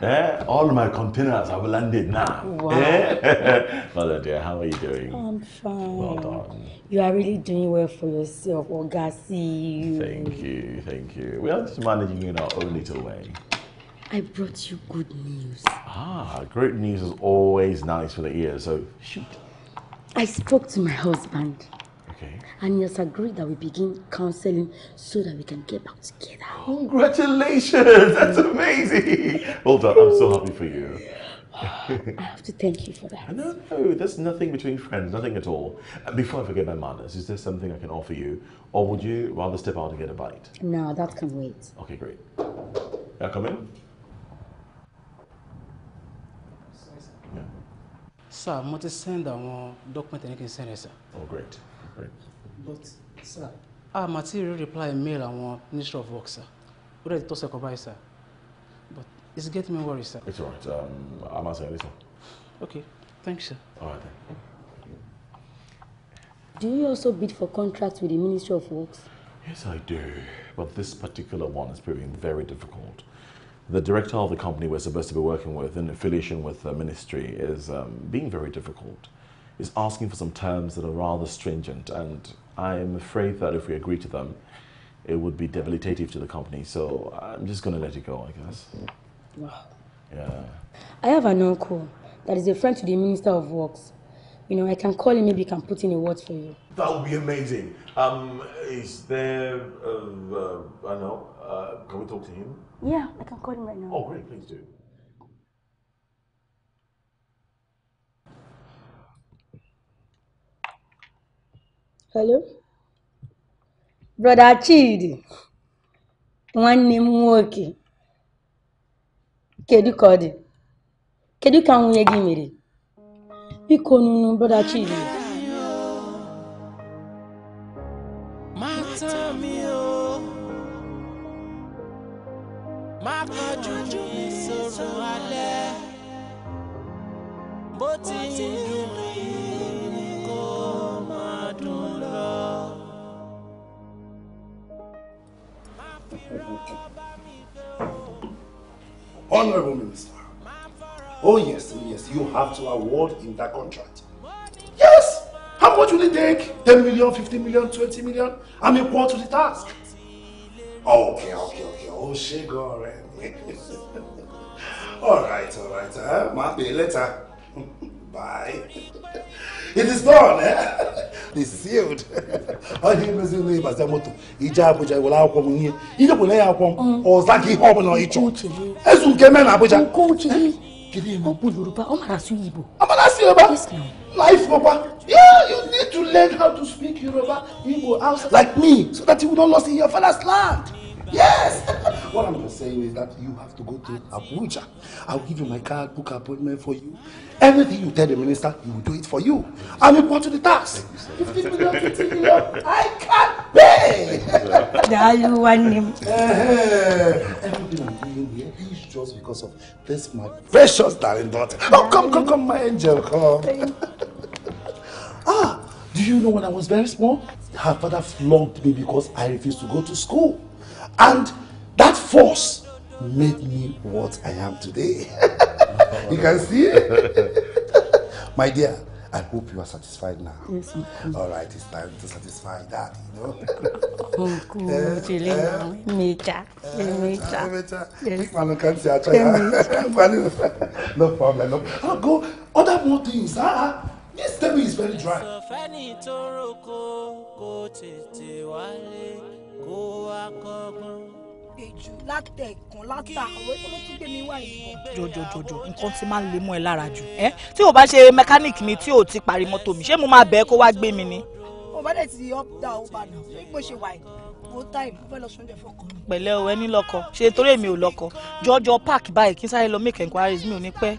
Eh? All my containers have landed now. Wow. Eh? Mother dear, how are you doing? I'm fine. Well done. You are really doing well for yourself, Oga. Thank you, thank you. We are just managing in our own little way. I brought you good news. Ah, great news is always nice for the ear, so shoot. I spoke to my husband. Okay. And he has agreed that we begin counseling so that we can get back together. Congratulations! That's amazing! Well done. I'm so happy for you. I have to thank you for that. No, no, there's nothing between friends, nothing at all. Before I forget my manners, is there something I can offer you? Or would you rather step out and get a bite? No, that can wait. Okay, great. Yeah, come in. Sir, mo to send àwọn document ẹni kí n send sir. Oh, great correct. but sir I material reply mail àwọn ministry of Works, sir What dẹ̀ ti tọ́sẹ̀ kọ sir but it's getting me worried sir. it's alright um, i'm answering Listen. okay thanks sir. alright then. Do you also bid for contracts with the Ministry of Works? Yes, I do. But this particular one is proving very difficult. The director of the company we're supposed to be working with in affiliation with the ministry is um, being very difficult is asking for some terms that are rather stringent, and I am afraid that if we agree to them, it would be debilitative to the company. So I'm just going to let it go, I guess. Wow. Yeah. I have an uncle that is a friend to the Minister of Works. You know, I can call him, maybe he can put in a word for you. That would be amazing. Um, is there, uh, uh, I know, uh, can we talk to him? Yeah, I can call him right now. Oh, great, please do. Hello? Brother Chidi, nwanne m nwoke, kedu ka ọ dị? Kedu ka nwunye gị mere? Biko nunu, Brother Chidi. to award in that contract. Yes! How much will it take? 10 million, 50 million, 20 million? I'm equal to the task. Okay, okay, okay. Oh, she go already. mi. All right, all right. Uh, later. Bye. It is done, eh? It sealed. Ọdún ìgbésí ìlú ìbàṣẹ mọ́tò, ìjà Abuja ìwọlá akwọ m nye. Ìjọba ìlẹ́yìn akwọ m, ọ̀zá gị ihe ọ bụla ịchọ. Ẹ̀sùn nke mẹ́rin Abuja. Obu Yoruba, Omarasu Igbo. Omarasu Yoruba? Yes, no. Life Yoruba. Yeah, you need to learn how to speak Yoruba, Igbo, outside. Like me, so that you will not lost in your father's land. Yes! what I'm just saying is that you have to go to Abuja. I'll give you my card, book appointment for you. Everything you tell the minister, he will do it for you. I'm important to the tax. 15 million, 15 million. I can't pay! That you want him. Uh-huh. Everything I'm doing here is just because of this, my precious darling daughter. Oh, come, come, come, my angel, come. ah, do you know when I was very small? Her father flogged me because I refused to go to school. And that force made me what I am today. you can see? My dear, I hope you are satisfied now. Yes, All right, it's time to satisfy that, you know. no problem. No. I'll oh, go Other more things. Ah, ah, this table is very dry kó wá kọ́gbọ́n. èjò látẹ̀kùn látàwé tó tún gbé mi wá yìí. jọjọjọjọ nǹkan tí máa ń lè mú ẹ lára jù ẹ tí o bá ṣe mẹkáníìkì mi tí o ti parí mọ́tò mi ṣé mo máa bẹ̀ ẹ́ kó wá gbé mi ni. mo bá dẹ̀ ti up down ó bàdàn bó ṣe wà yìí mo táìmù mo fẹ́ lọ sóúnjẹ fọkọ. pẹ̀lẹ́ o ẹni lọ́kọ ṣe torí èmi ò lọ́kọ jọjọ park báyìí kí n sáré lọ make enquiries mi ò ní pẹ́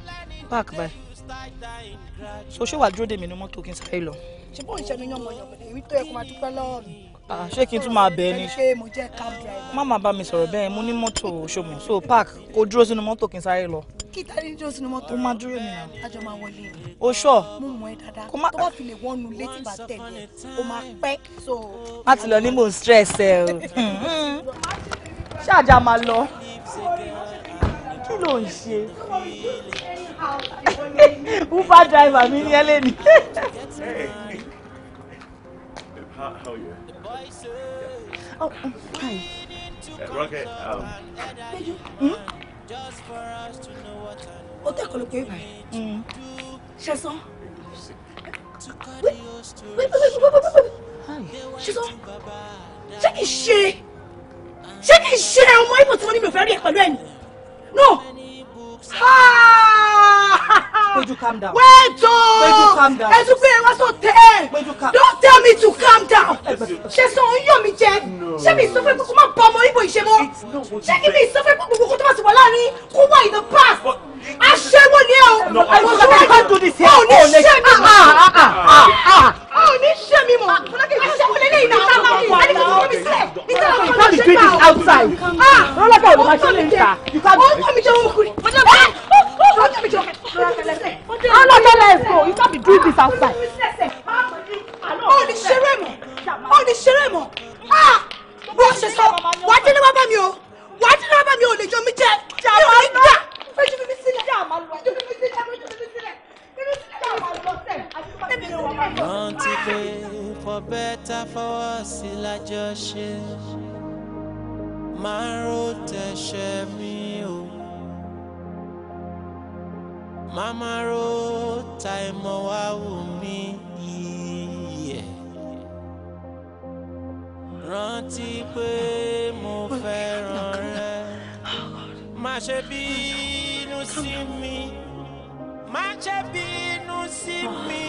park báyìí so ṣé wàá dúró dèmi ní mọ́tò kí n sáré lọ. ṣé bóun ṣe mi yan mọ̀ yàn èmi tó yẹ kó máa dúpẹ́ lọ́wọ́ Ah, ṣé kí n tún máa bẹ̀ ẹ́ ní. ṣé mo jẹ́ cab driver. má máa bá mi sọ̀rọ̀ bẹ́ẹ̀ mo ní mọ́tò ṣòmù so park kó dúró sínú mọ́tò kí n sáré lọ. kí tani dúró sínú mọ́tò. ó máa dúró nìyà. àjọ máa wọlé ni. o sọ. mo mọ ẹ dáadáa tó bá fi lè wọnú létí bá tẹ̀lé o máa pẹ́ so. má ti lọ ní mò ń stress ẹ o. ṣáàjà máa lọ. kí ló ń ṣe. uber driver mi ní ẹlẹ́ni. How, how are you? Oh, oh, hi. Rocket. O tẹ kọ ló wait, wait, wait, wait, wait, wait. ṣe? Ṣé kìí ṣe ọmọ ìbò tí wọ́n ní mi ò fẹ́ rí ẹ pẹ̀lú ẹ̀ ni? No. Peju, calm down. Wait, oh! Peju, calm down. Ẹ̀sùn pé wá sọ tẹ́ Peju, calm down. Don't tell me to calm down. She sọ you yọ̀ mí jẹ? She mi sọ because my máa bọ ọmọ Ibo ìṣe mọ́? Ṣé kí mi sọ fún kókó kókó tó bá ti in the past? aṣẹ́wó ni ẹ o àìsàn I can't do this here. ọ̀ ní ṣẹ́ mi mọ̀ ọ̀ ní ṣẹ́ mi mọ̀ aṣẹ́wó lélẹ́yìn náà ọ̀la ṣe bá o. rọ́lákà this outside. ọ̀ ní wá bá mi o wàá délé wá bá mi o lè jọ mi jẹ mi ò ní gbà ojú bíbí for better for worse lájọ ṣe máa ń ro tẹ̀sẹ̀ mi o máa máa ro tàìmọ̀ wá rántí pé mo fẹ́ràn rẹ má ṣe bínú sí mi má ṣe bínú sí mi.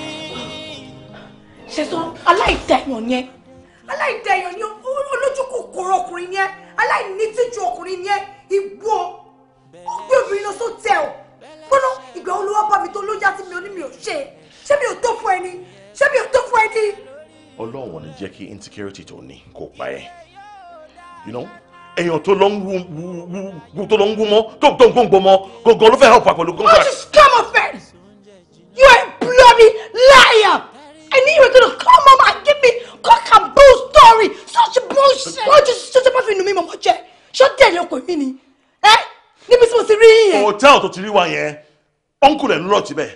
ṣètò aláìdẹ̀yàn yẹn aláìdẹ̀yàn yẹn olójú kòkòrò ọkùnrin yẹn aláìnítìjú ọkùnrin yẹn igbó ó gbé obìnrin lọ sótẹ́ẹ̀lì gbọ́dọ̀ ìgbà olówó bá mi tó lóyá tí mi ò ní mi ò ṣe ṣé mi ò tó fún ẹni ṣé mi ò tó fún ẹni. ọlọ́wọ̀n ni jẹ́ kí insecurity tó ní kó pa ẹ́ you know èèyàn tó lọ ń wú tó lọ ń wú mọ́ tó ń gbóngbó mọ́ gangan ló fẹ́ help pẹ̀lú contract. what is come offense you a bloody liar I knew you were gonna come mama and give me cock and bull story such bullshit. wọ́n jù ṣọ́ṣọ́ bá fi inú mi mọ̀ mọ́ jẹ ṣọ́ tẹ̀lé ọkùnrin ni ẹ́ níbi tí mo ti rí yẹn. hotel tó ti rí wa yẹn uncle ẹ̀ ń lọ tibẹ̀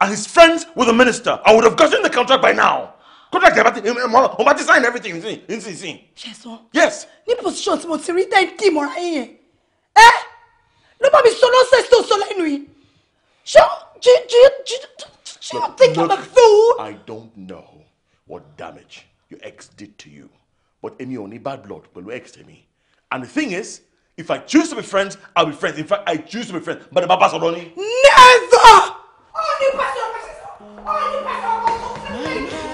and his friends with the minister I would have gotten the contract by now contract ẹ̀ bá ti mo ti sign everything nsìn nsìn nsìn. yes. ní position tí mo ti rí tẹ́ dì mọ́ra yín yẹn ẹ ló bá mi sọ nonsense tó sọ lẹ́nu yìí ṣé jí jí jí ṣé o think I'm a fool. I don't know what damage your ex did to you but èmi ò ní bad blood pẹ̀lú ex tèmi and the thing is if I choose to be friends I'll be friends in fact I choose to be friends but bàbá sọ̀rọ̀ ni. never. ó ní pàṣẹ ọ̀pá ṣe sọ ní pàṣẹ ọ̀pá ṣe sọ.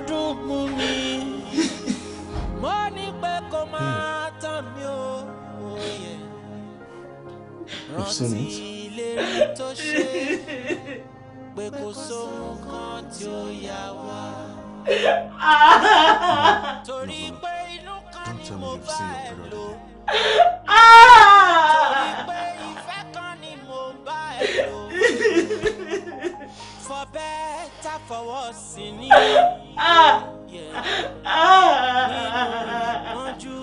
You've seen it. no, don't tell me you've seen your brother. for better for worse in me. Yeah. Nínú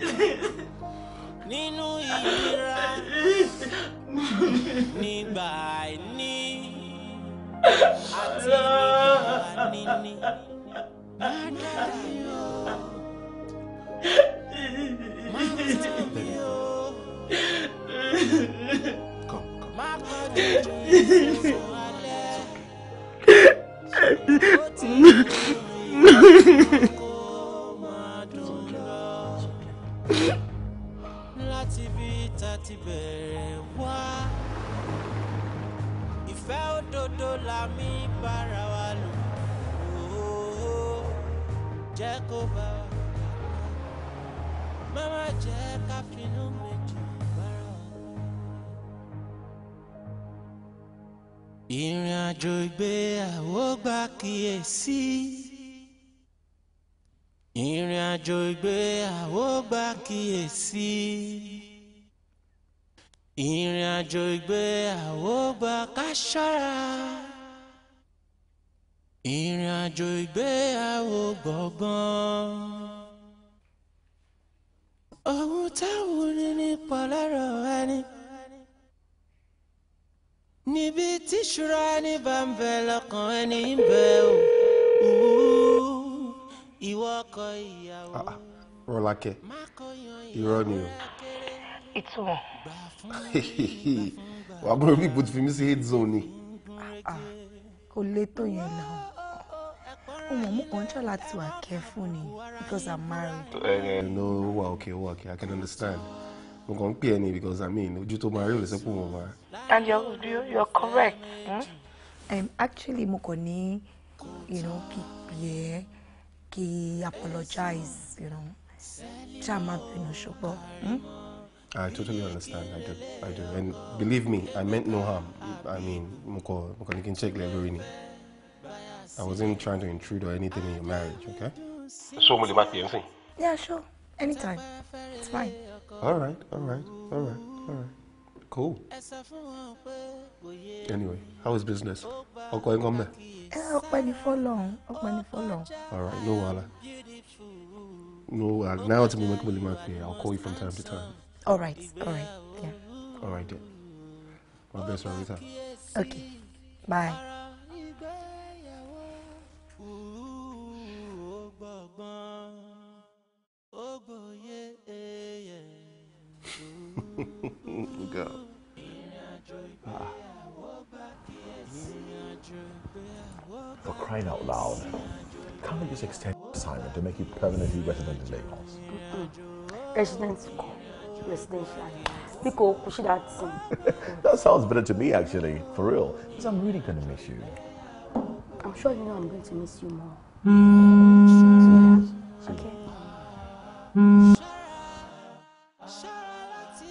ìpọ́njú nínú ìlera nígbà àìní àti nígbà níní má dára yọ má kọjá mi o má kọjá mi fún alẹ́ ó ti ní ìlú. tá ti bẹ̀rẹ̀ wá ìfẹ́ òdodo la mi bára wa lò ó jẹ́ kó bá wa má má jẹ́ ká finú méjì bára wa. ìrìn àjò ìgbéyàwó gba kíyèsí. ìrìn àjò ìgbéyàwó gba kíyèsí ìrìn àjò ìgbéyàwó gba ká ṣọ́ra ìrìn àjò ìgbéyàwó gbọ̀ngàn ohun táwọn ní nípa lọ́rọ̀ ẹni níbi tíṣúra ní bàǹbẹ̀ lọ́kàn ẹni ń bẹ o ìwọ ọkọ ìyàwó ah, ah, Rọ́lákẹ́ irọ́ ni o. It's all. wàá gbọ́dọ̀ bí ìbò ti fi mí sí eight zone ni. Ah, ah. kò lè tó yẹn náà o mọ̀ mú kàn jọ láti wà careful ni because i'm married. ẹ ẹ no wa okay wa okay i can understand mo kàn ń pè ẹ ní because i mean ojú tó máa rí ò lè sẹ́pọ̀ mọ́ wa. and you're, you're correct. Hmm? Um, actually mo kàn ní you know kí pè é kí apologize you know tí a máa bínú ṣùgbọ́n. Hmm? I totally understand. I do. I do. And believe me, I meant no harm. I mean, Muko, Muko, you can check Leverini. I wasn't trying to intrude or anything in your marriage, okay? So, will you back anything? Yeah, sure. Anytime. It's fine. All right, all right, all right, all right. Cool. Anyway, how is business? Ọkọ ẹ̀gbọ́n mẹ́. Eh, Ẹ for long? fọ́lọ́hún, ọpẹ́ for long? All right, no wala. No, wala. now it's me, I'll call you from time to time. All right, all right, yeah. All right, dear. My best one later. Okay, bye. Go. Ah. For crying out loud, can't we just extend assignment to make you permanently resident in Lagos? Mm -mm. Residence push that thing. that sounds better to me, actually, for real. Because I'm really going to miss you. I'm sure you know I'm going to miss you more. Okay.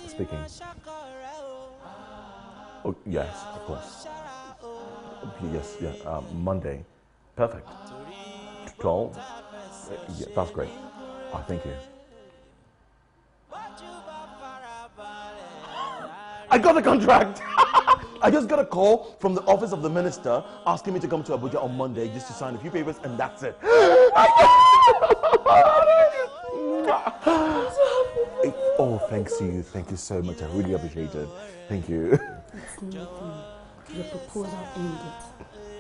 Speaking. Oh, yes, of course. Yes, yeah, um, Monday. Perfect. 12. Uh, yeah, that's great. Oh, thank you. I got a contract. I just got a call from the office of the minister asking me to come to Abuja on Monday just to sign a few papers, and that's it. oh, thanks to you. Thank you so much. I really appreciate it. Thank you. It's nothing. Your proposal ended.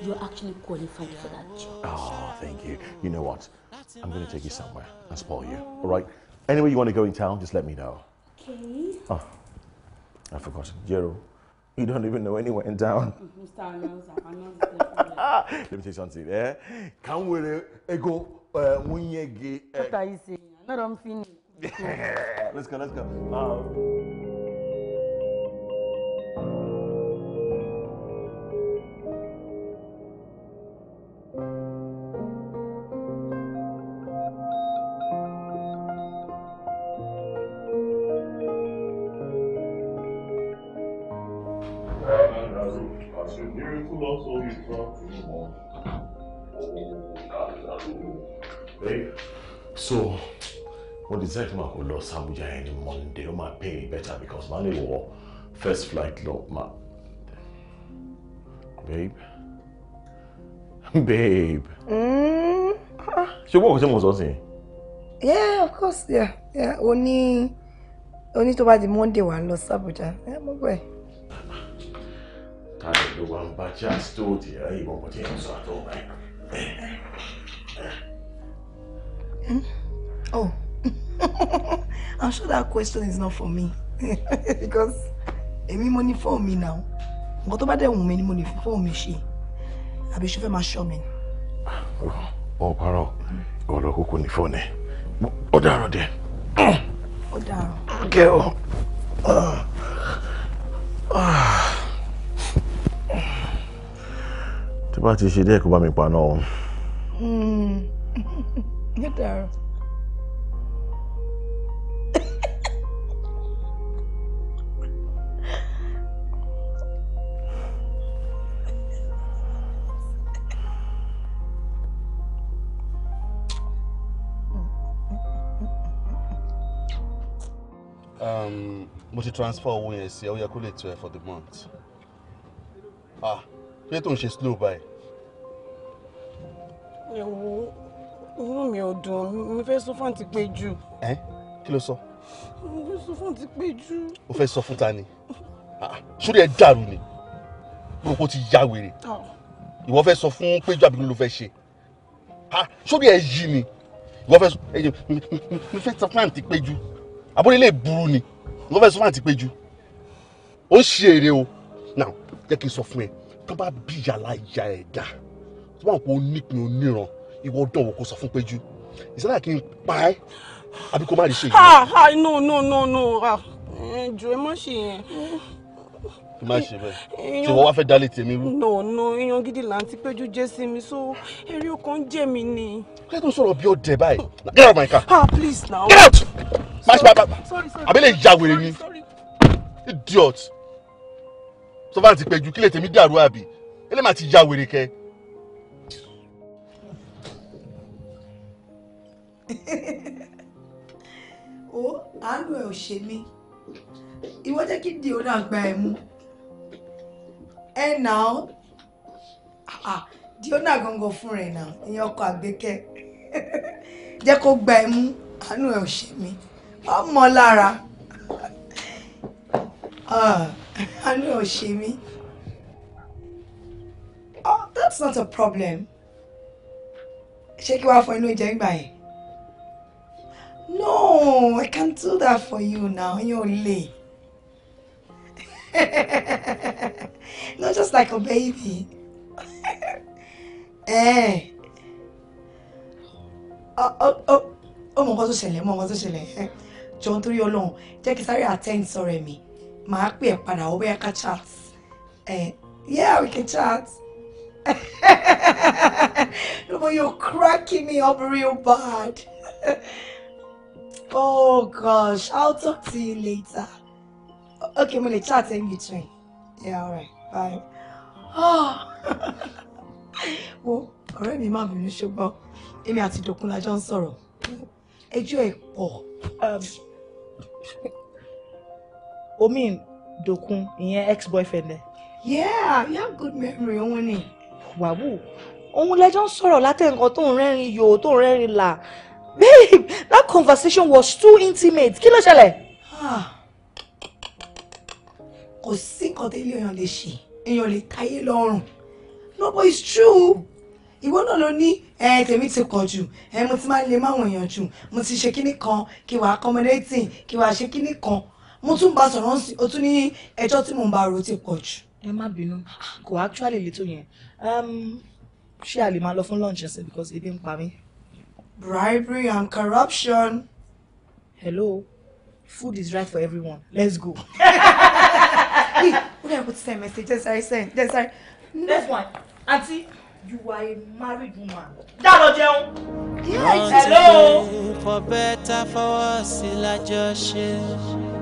You're actually qualified for that job. Oh, thank you. You know what? I'm going to take you somewhere and spoil you. All right? Anywhere you want to go in town, just let me know. Okay. Oh. I forgot. Jero, you don't even know when in town. Let me say something. Eh? Can we uh, go eh. What are you saying? Let's go, let's go. Um... lost all your drugs. So, wọ́n decide ma kò lọ sí Abuja yẹn ní Monday ó máa pay better because máa lè first flight lọ ma. Babe. Babe. Mm, ah. Ṣé wọ́n kò ṣe mo sọ sí i? Yeah, of course, yeah, yeah. Only, only to buy the Monday wà lost sí Abuja. Ẹ mọ̀ bẹ́ẹ̀. Byłam bacia studia i mogło cię za to. Oh, I'm sure that question is not for me because èmi mo ní fóònù mi náà nǹkan tó bá dẹ̀ wù mí ni mo lè fi fóònù mi ṣe àbí ṣe fẹ́ máa ṣọ́ mi. ọ parọ ọ̀rọ̀ kókó ní fóònù ẹ ó tó bá ti ṣe díẹ̀ kó bá mi paná o. Hmm. Um, mo ti transfer owó yẹn sí ẹ ó yẹ kó lè tó ẹ for the month. Ah kí ló tó ń ṣe slow báyìí. ìwọ inú mi ò dùn mi fẹ́ sọ fún ti pé jù. ẹ kí ló sọ. mo fẹ́ sọ fún ti pé jù. o fẹ́ sọ fún ta ni ah, sórí ẹ dàrú ni mo rò pé o ti ya wèrè ah. ìwọ fẹ́ sọ fún péjú àbí ló fẹ́ ṣe ah, sórí ẹ yí ni ìwọ fẹ́ mi fẹ́ sọ fún àǹtí péjú àbúrò ilé burú ni ìwọ fẹ́ sọ fún àǹtí péjú ó ṣe èrè o now jẹ́ kí n sọ fún ẹ tó bá bí yàrá ìyá ẹ̀dá tó bá wọn kó nípìn oníran ìwọ dọ̀wọ́ kó sọ fún péjú ìsẹ́lá kí n pa ẹ́ àbí kó má lè ṣe yìí. ah ah no no no no ah eh, jù ẹ má ṣe yẹn. kí má ṣe bẹ́ẹ̀ tí wọ́n wá fẹ́ dálé tèmi rú. no no iyan gidi là ń ti péjú jẹ́ sí mi so eré ọkàn ń jẹ́ mi ni. kí ló ń sọ̀rọ̀ bí ọdẹ báyìí get out my car. ah please now. get out. má ṣe bá a bá a àbí lè ya wèrè ni idiot tó bá ti pẹ́ jù kí lè tèmi dàrú àbí eléyìí máa ti ya wèrè kẹ. o àánú ẹ ò ṣe mí ìwọ jẹ́ kí di ọ̀nà àgbà ẹ̀ mú ẹ nà ó di ọ̀nà gangan fún rẹ̀ nà ìyẹn ọkọ̀ àgbékẹ́ jẹ́ kó gba ẹ̀ mú àánú ẹ ò ṣe mí ọmọ lára. Uh àánú ò ṣe Oh, that's not a problem. Shake kí off fọ inú oúnjẹ ńgbà No, I can't do that for you now. Yín ò Not just like a baby. Eh. Oh, oh, oh. oh! mọ nǹkan tó ṣẹlẹ̀, mọ nǹkan tó ṣẹlẹ̀. John through your jẹ́ kí sorry, attend sorry me màá pè ẹ padà ó bẹ́ẹ̀ ká chat eh, yeah we can chat but you're cracking me up real bad oh gosh I'll talk to you later okay mo lè chat in between yeah alright bye oh wo ọ̀rẹ́ mi má bínú ṣùgbọ́n èmi àti Dòkun la jọ ń sọ̀rọ̀ ẹjọ́ ẹ̀ pọ̀. Um, omi dòkun ìyẹn ex boyfriend ẹ. yeah you have good memory òun ni. wàwù òun lẹjọ ń sọ̀rọ̀ látẹnkan tó ń rẹ́rìn yòó tó ń rẹ́rìn là babe that conversation was too intimate kí ló ṣẹlẹ̀. Ah. kò sí nǹkan tẹ́lẹ̀ èèyàn lè ṣe èèyàn lè káyé lọ́rùn no but it's true ìwọ náà ló ní ẹ tèmi ti pọ̀ jù ẹ mo ti máa ń lè máwọn èèyàn jù mo ti ṣe kíní kan kí wàá accommodating kí wàá ṣe kíní kan mo tún bá sọ̀rọ̀ sí o tún ní ẹjọ́ tí mò ń bá ro ti pọ̀ jù. ẹ má bínú kò actually lè tó yẹn um, ṣé a lè máa lọ fún lunch ẹsẹ̀ because ebi ń pa mí. bribery and corruption. hello food is right for everyone let's go. wait wait i go send message just sorry send just sorry. next one aunty you are a married woman. dáàlọ jẹun. hello. for better for worse ìlàjọ ṣe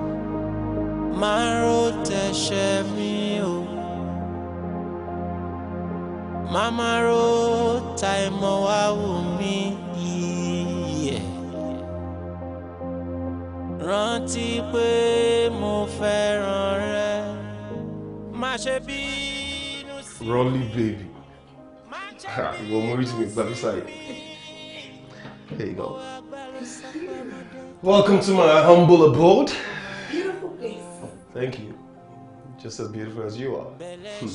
máa rò mi o máa ta ìmọ̀ wá wù mí yíyẹ rántí pé mo fẹ́ràn rẹ má ṣe bínú sí i. Rolly baby ìwọ mo rí ti mi gbà físà yìí there you go. Welcome to my humble abode. Thank you. Just as beautiful as you are. Hmm.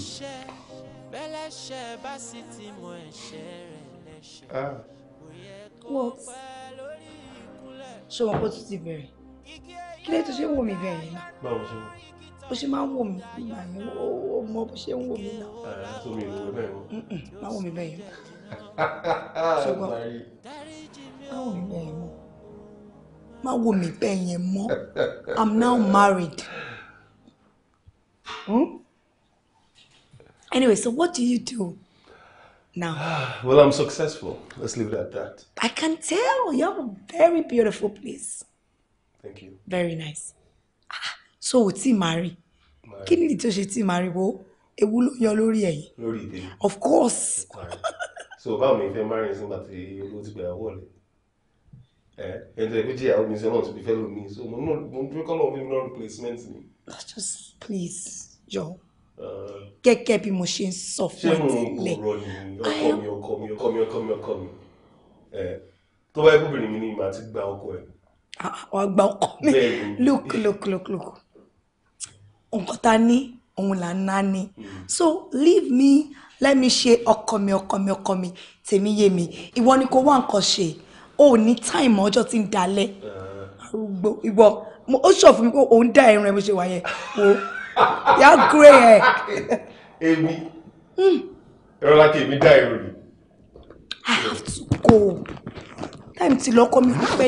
ah. What? So wọn kò tún ti bẹ̀rẹ̀? Kí lè tó ṣe ń wò mí bẹ̀rẹ̀ náà? Báwo ṣe wò? Bó ṣe máa ń wò mí nígbà yẹn, ó mọ bó ṣe ń wò mi ìwé bẹ́ẹ̀ wò. Má wò mí bẹ́ẹ̀ yẹn. Ṣùgbọ́n má wò mí bẹ́ẹ̀ yẹn mọ́. Má wò mí bẹ́ẹ̀ yẹn I'm now married. Hmm? Anyway, so what do you do now? well, I'm successful. Let's leave it at that. I can tell. You have a very beautiful place. Thank you. Very nice. Ah, so, ti marry? Kí ni tó ṣe ti marry wo? Ewu ló yan lórí ẹ̀yìn. Lórí Of course. so, báwo ni ìfẹ́ marry nígbà tí olówó ti gbẹ̀yàwó rẹ̀? Ẹ̀ ǹjẹ́ ìgbé jìyàwó mi sí ọlọ́run ti fi fẹ́ lómi. So, no, ń dúró kọ́ lọ́wọ́ mi lọ́rùn placement ni. Just please jọ uh, gẹ́gẹ́ bí mo ṣe ń sọ fún ẹ tẹ́lẹ̀. ṣé mo rọ ni ọkọ mi ọkọ mi ọkọ mi tó bá ẹgbẹ́bìnrin mi ni màá ti gba ọkọ ẹ. Ah, ah, wàá gba ọkọ mi look look look look nǹkan tá a ní òun là ń ná ni mm. so leave me let me ṣe ọkọ mi ọkọ mi ọkọ mi tèmi yé mi ìwọ ni kò wá nǹkan ṣe o ò ní táìmù ọjọ́ tí ń dalẹ̀ uh. arúgbó ìwọ ó ṣọ̀ fún mi pé òun dá ẹran ẹ bó ṣe wà Your grey hair. Èmi. Ìrọ̀lá kì èmi dá èrò ni. I have to go. Time ti lọ ọkọ mi kò I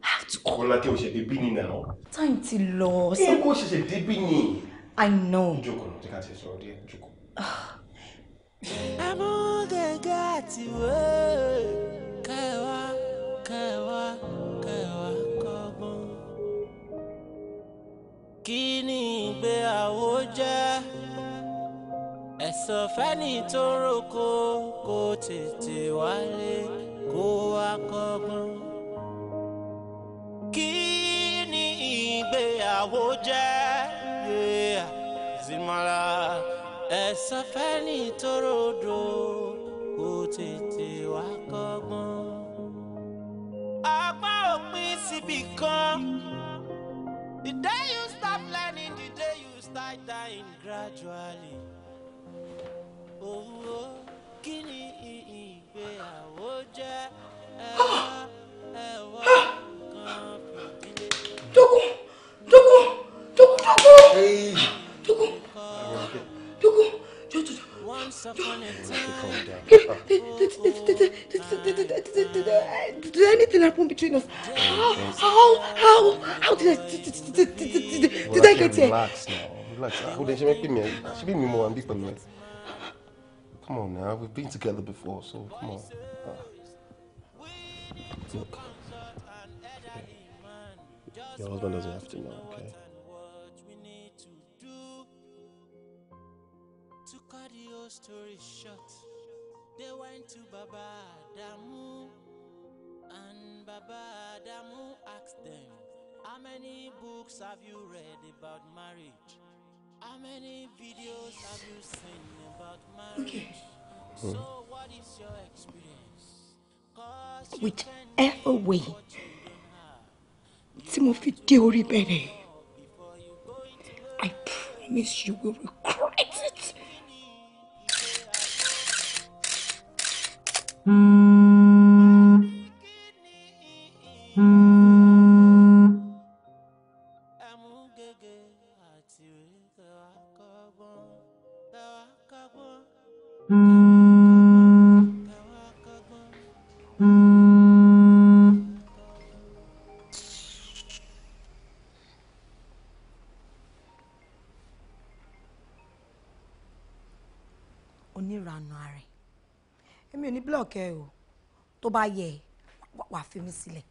have to go. Ìrọ̀lá kì o ṣẹ̀ṣẹ̀ débí ni náà. Time ti lọ. Ṣé kò ṣẹ̀ṣẹ̀ débí ni? I know. Jókòó lọ, jẹ́ ká ti sọ̀rọ̀ díẹ̀, jókòó. Amúgẹ̀gẹ̀ àtiwé kẹwàá kẹwàá. kí ni ìgbéyàwó jẹ́ ẹ̀san fẹ́ni tó roko kó tètè wálé kó wá kọ́gbọ́n. kí ni ìgbéyàwó jẹ́ zimara ẹ̀san fẹ́ni tó rodo kó tètè wá kọ́gbọ́n. agbá òpin síbi kan. The day you stop learning, the day you start dying gradually. Oh, kí ni ìgbéyàwó jẹ́ ẹ̀wọ́ ẹ̀wọ́ kan fìdílé. Jókòó jókòó jókòó jókòó Did anything happen between us? How? How? How? How did I? Did, did, did, did I get here? Relax now. Relax. How did she make me? She made me more and bigger than Come on now. We've been together before, so come on. look. Your husband doesn't have to know, okay? story short, they went to Baba Damu, and Baba Damu asked them, How many books have you read about marriage? How many videos have you seen about marriage? So, what is your experience? Cause Whichever way, tí mo fi dé orí I promise you will regret it. 嗯 block ẹ o tó bá yẹ wàá fi mí sílẹ̀.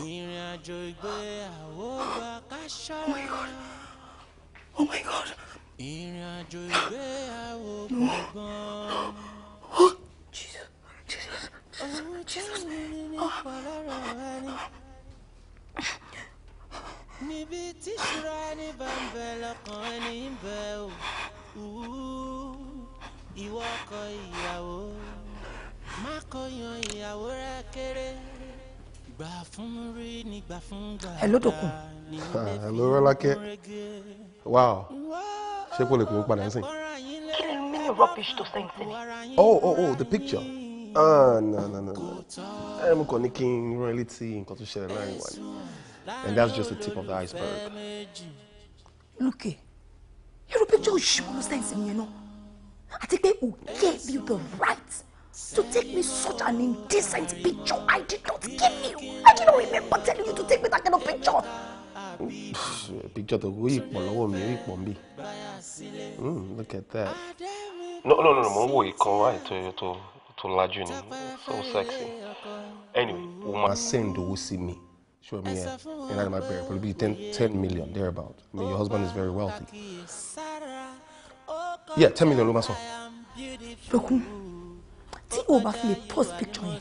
ìrìn àjò ìgbéyàwó gba ká ṣọ́ra. Oh my God. Oh ìrìn àjò ìgbéyàwó gbọ̀ngàn. Jesus Jesus Jesus. Ah. níbi tí ṣúra ní bàbá lọ́kàn ní bẹ́ẹ̀ o ìwọ ọkọ ìyàwó kọyàn ìyàwó rẹ kéré gbà fún rí ni gbà fún gbà. ẹ lódòkun. ẹ ló rọ́lákẹ́ wá ọ ṣé kò lè kó padà ń oh, oh oh oh the picture. ah no no no no ẹ mú reality in kí n and that's just the tip of the iceberg. lókè irú picture òṣìṣẹ́ wọn ló in mi yẹn I think they who gave you the right to take me such an indecent picture I did not give you. I did not remember telling you to take me that kind of picture. picture to kó ìpọ̀ lọ́wọ́ mi rí mi. Hmm, look at that. no no no mo ń wo ìkan wáyé tó to to lajú ni so sexy. anyway o máa send owó sí mi show me here and I'm my prayer for it be ten ten million thereabout I mean your husband is very wealthy. yeah ten million ló máa sọ. lókun tí o bá fi lè post picture yẹn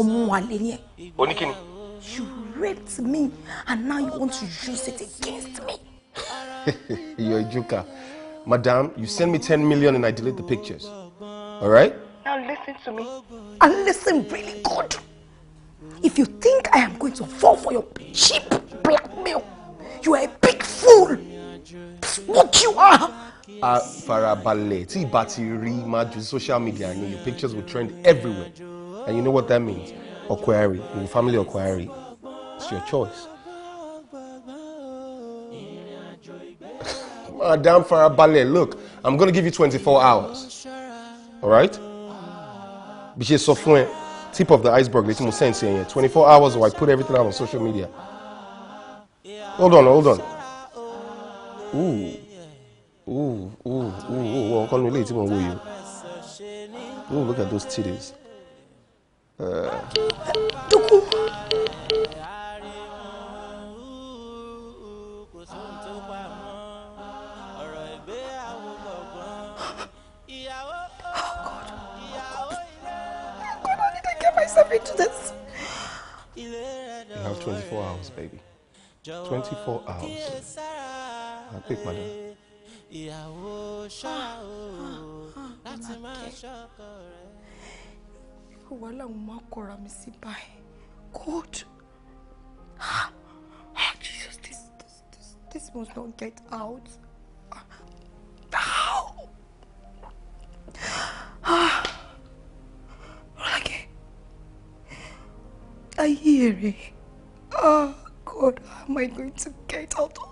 ọmọ àlè ni ẹ. o ní kíni. you raped me and now you want to use it against me. you're a joker madam you send me ten million and i delete the pictures all right. now listen to me and listen really good if you think i am going to fall for your cheap blackmail you are a big fool that's what you are a farabalẹ̀ tí ìbá ti rí máa ju social media ni your pictures will trend everywhere and you know what that means ọkọ̀ẹ́rì your family ọkọ̀ẹ́rì it's your choice. Madam farabalẹ̀ look I'm gonna give you 24 hours alright bí ṣe sọ tip of the iceberg létí mo sense here. 24 hours or I put everything out on social media hold on hold on ooh. Ooh, ooh, ooh, ooh, ooh, nǹkan ló lè tí mò ń wò Ooh, look at those titties. Uh. Dúkú. Myself into this. You have 24 hours, baby. 24 hours. I pick, madam ìyàwó ṣọ́ra ah, o ah, ah, láti máa ṣọ́kọ rẹ. irú wàhálà òun máa kọra mi sí báyìí God ah Jesus this this this must not get out. How? Ah, Rọ́lákẹ́, ayé rẹ̀, oh God, how am I going to get out of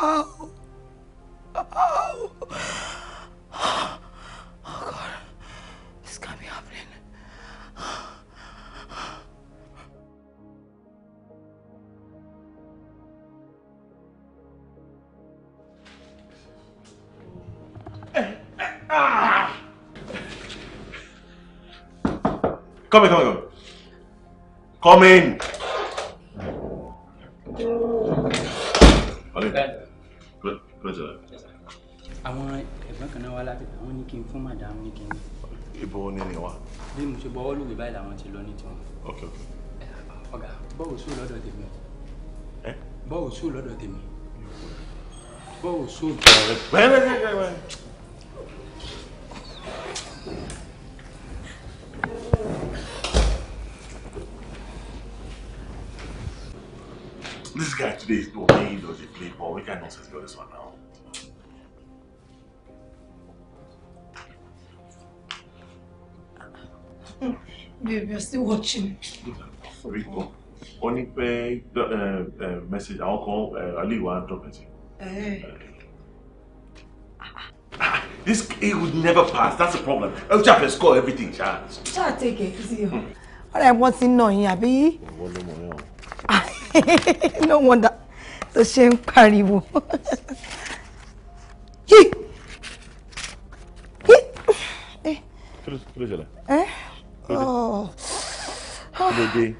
Oh. Oh. Oh God. This can't be happening. Come in, come in, come in. Come in. fún madam ní kíni. ibo ni ni wa. bí mo ṣe bọ́wọ́ lùwẹ̀ báyìí làwọn ti lọ ní tiwọn. ok ok. Eh, ọ̀gá bọ́ọ̀ sùn lọ́dọ̀ tèmi o. Eh? ẹ. bọ́ọ̀ sùn lọ́dọ̀ tèmi. bọ́ọ̀ sùn. bẹ́ẹ̀ This guy today is no way he does a play ball. We can't nonsense about this one now. Babe, you're still watching. Rico, only pay the message. I'll call eh, Ali one drop it. Eh. Eh. this it would never pass. That's the problem. El Chap has scored everything, Cha. Cha, take it easy. Hmm. All right, what's in on here, abi? No wonder. So shame, pariwo. Kí ló ṣẹlẹ̀? Oh. kí ló dé.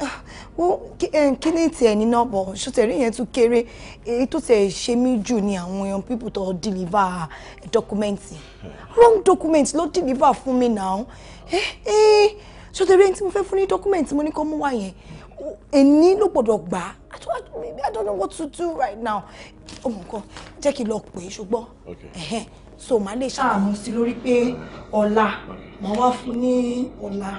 Eh, kí ni tiẹ̀ níná bọ̀ ṣọ́tẹ̀rí yẹn tún kéré èyí tó tẹ̀ ṣe mí jù ni àwọn èèyàn people tó deliver dọ́kúmẹ́ǹtì wrong document ló deliver fún mi náà eh, eh, ṣọ́tẹ̀rí yẹn tí mo fẹ́ fún ní dọ́kúmẹ́ǹtì mo ní kó mú wá yẹn èní ló gbọ́dọ̀ gbà á maybe I don't know what to do right now ọmọ oh nǹkan jẹ́ kí n lọ pè é ṣùgbọ́n so màá lè ṣàmù sí lórí pé ọ̀la màá wá fún ní ọ̀la.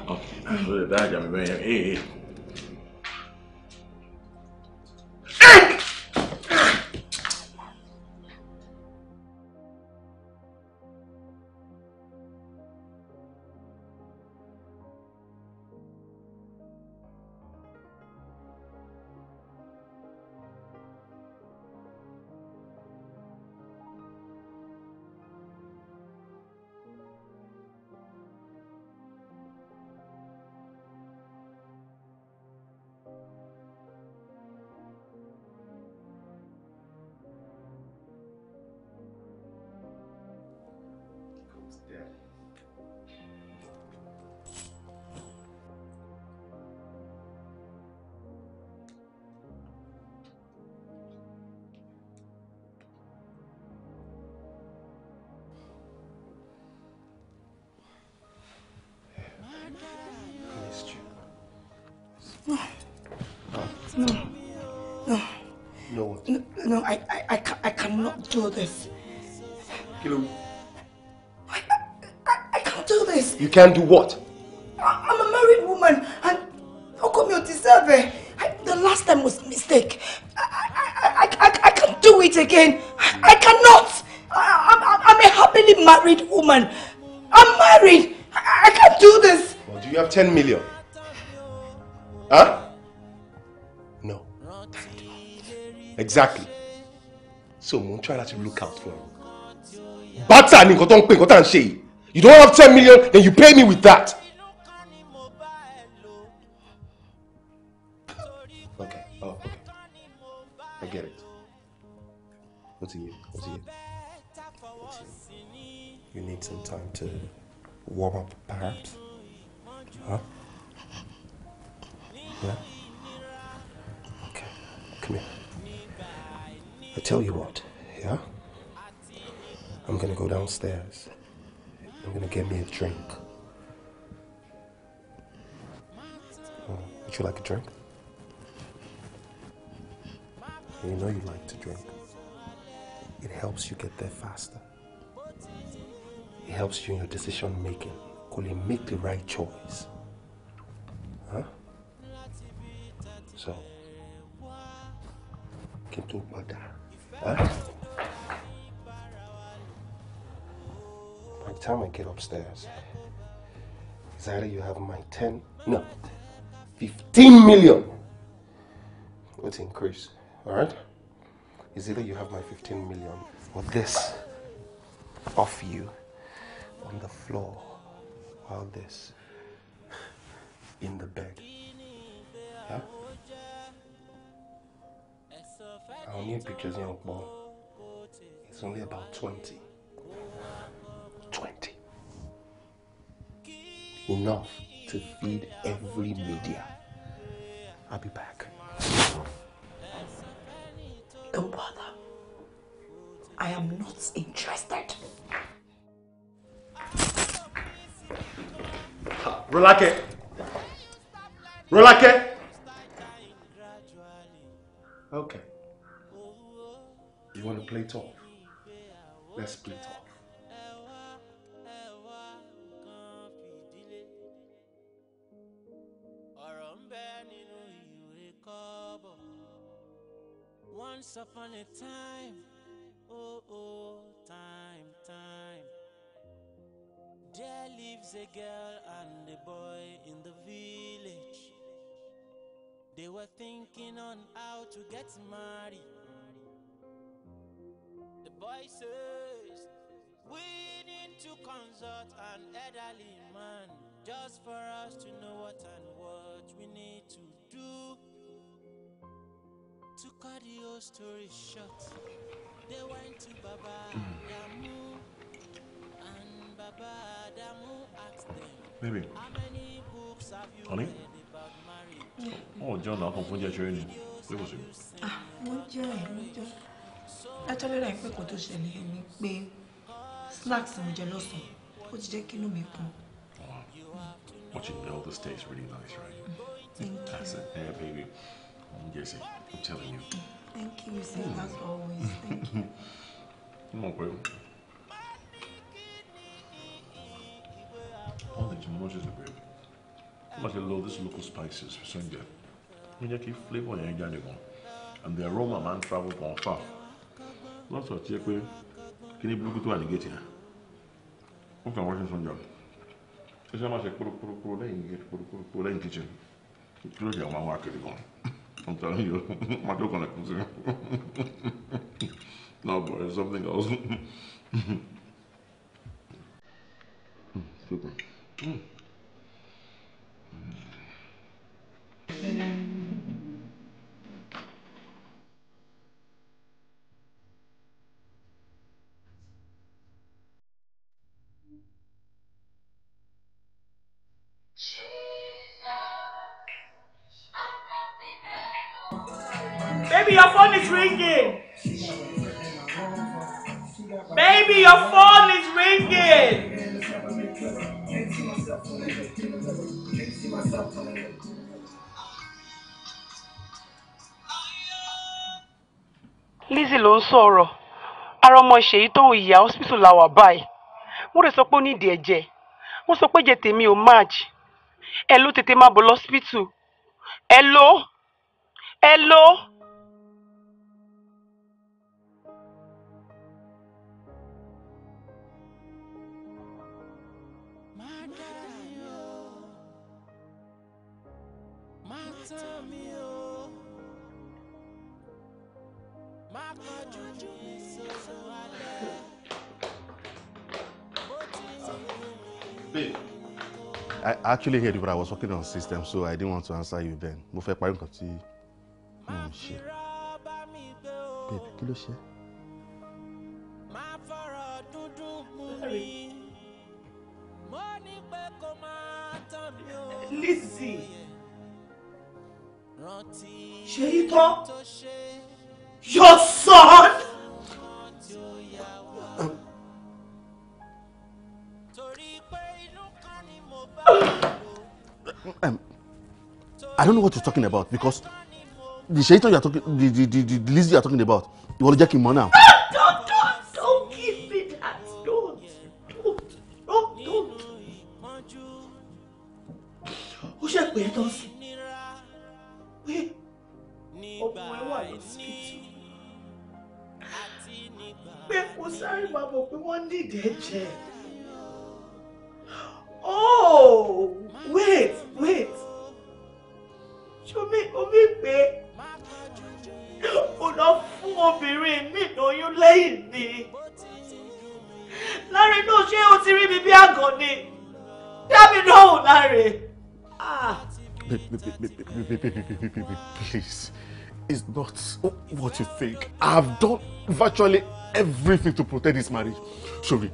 No. No. No. No what? No, no I, I, I, can, I cannot do this. Kilo. I, I, I can't do this. You can't do what? I, I'm a married woman and how come you deserve it? I, the last time was a mistake. I, I, I, I, I can't do it again. I, I cannot. I, I, I'm a happily married woman. I'm married. I, I can't do this. Well, do you have 10 million? exactly so mo ń try to look out for you bàtà ni nǹkan tó ń pè nǹkan tá ń ṣe yìí you don't have ten million then you pay me with that you in your decision making could you make the right choice huh? so kí n tó Huh? by the time I get upstairs is either you have my ten no fifteen million what's increase all right is either you have my fifteen million or this off you on the floor while this in the bed. Yeah? Our new pictures in Okbo. It's only about 20. 20. Enough to feed every media. I'll be back. Don't bother. I am not interested. Rọ́lákẹ́ Rọ́lákẹ́ okay you wanna play tough let's play tough. Once upon a time lives a girl and a boy in the village. They were thinking on how to get married. The boy says, We need to consult an elderly man just for us to know what and what we need to do. To cut the story short, they went to Baba Yamu. Baby. Honey? Oh, John, I'll confund your journey. Where was you? Ah, mo jẹ́ I told you Actually, rẹ̀ pé kò tó ṣẹlẹ̀ ni pé snacks mo jẹ lọ́sàn-án. Ó ti jẹ́ kí Watching all this tastes really nice, right? Mm, thank you. That's it. Yeah, baby. I'm guessing. I'm telling you. Thank you, sir, mm. as always. Thank you. Come on, baby. orange moses ní bẹ́ẹ̀ bí wọ́n ti lo these local spices fi sún jẹ wọ́n jẹ́ kí flavour yẹn jáde and the aroma man travel from far lọ́sọ̀ tí yẹ pé kí ni burúkú tó wà ní géètì yẹn ó kàn wọ́n ṣe sún jọ ó ṣe máa ṣe kúrúkúrú lẹ́yìn géètì kúrúkúrú lẹ́yìn kitchen kí ló ṣe àwọn àwọn akéde gan I'm telling you my dog on a cruise no but it's something else. Hmm, super. 嗯。sọ̀rọ̀ ara ọmọ ṣèyí tó ìyá hospital la wà báyìí wọ́n rẹ̀ sọ pé ó ní ìdí ẹ̀jẹ̀ wọ́n sọ pé ẹ̀jẹ̀ tèmi ò match ẹ ló tètè máa bọ̀ lọ́sípítù ẹ ló ẹ ló. Tell me, oh. I actually heard you, but I was working on system, so I didn't want to answer you then. Mo fẹ́ parí nǹkan tí mo ń ṣe. Babe, kí ló ṣe? Má fọ̀rọ̀ yí tán? Your son! Um, I don't know what you're talking about because the shaitan you're talking, the, the, the, the Lizzie you're talking about, you want to check him more now. not oh, what you think. I've done virtually everything to protect this marriage. Sorry,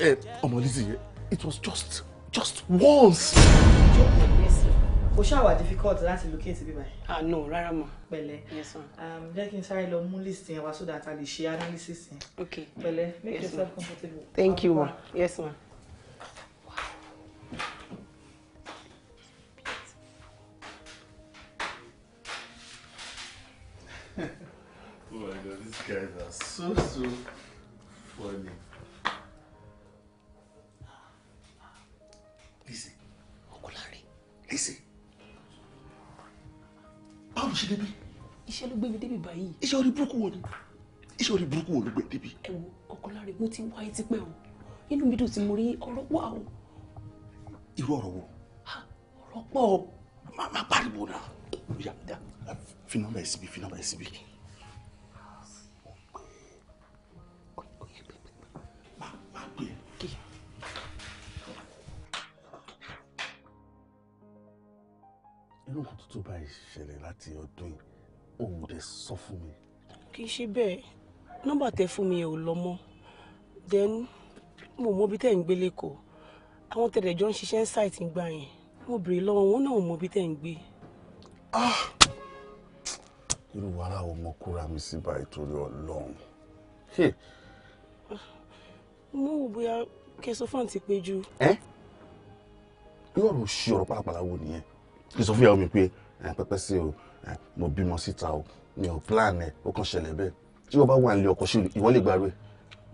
eh, Omolizi, it was just, just once. Ó ṣáà wà difficult láti locate bí báyìí. Ah no, rárá ma. Pẹ̀lẹ́. Yes ma. Um, jẹ́ kí n sáré lọ mú list yẹn wá so that a lè ṣe analysis yẹn. Okay. Pẹ̀lẹ́, make yourself comfortable. Thank you ma. Yes ma. Oh my god, these guys are so, so funny. Listen, Uncle Larry, listen. Báwo ló ṣe débi? Iṣẹ́ ló Baby, baby, débi báyìí. Iṣẹ́ orí burúkú wo ni? Iṣẹ́ orí burúkú wo ló baby. débi? Ẹ wo, Uncle Larry, mo ti wá ẹ tipẹ́ o. Inú mi dùn tí mo rí ọ̀rọ̀ wà o. Irú ọ̀rọ̀ wo? Ọ̀rọ̀ pọ̀ o. Má pariwo náà. Fínà bá ẹ̀ irú nǹkan tuntun báyìí ṣẹlẹ̀ láti ọdún yìí òun dẹ̀ sọ fún mi. kì í ṣe bẹ́ẹ̀ nọ́mbà tẹ fún mi ò lọ then mo mọ ibi tẹ́ ń gbé lẹ́kọ̀ọ́ àwọn tẹ̀lẹ̀ jọ ń ṣiṣẹ́ ń ṣàìtì ń gbà yẹn mo bèrè lọ́wọ́ wọn náà mọ ibi tẹ́ ń gbé. Ah! irú wàhálà wo mo kóra mi sí báyìí torí ọlọ́run. mo wò bóyá kẹsàn-án ti pé jù. ẹ yóò rò ṣe ọ̀rọ̀ pàlàpàlà wo nìyẹn kí sọ fún ìyàwó mi pé pẹpẹ sí o mo bímọ síta o mi ò plan ẹ ó kàn ṣẹlẹ̀ bẹ́ẹ̀ tí wọn bá wà nílé ọkọ ṣe ìwọ lè gbàgbé.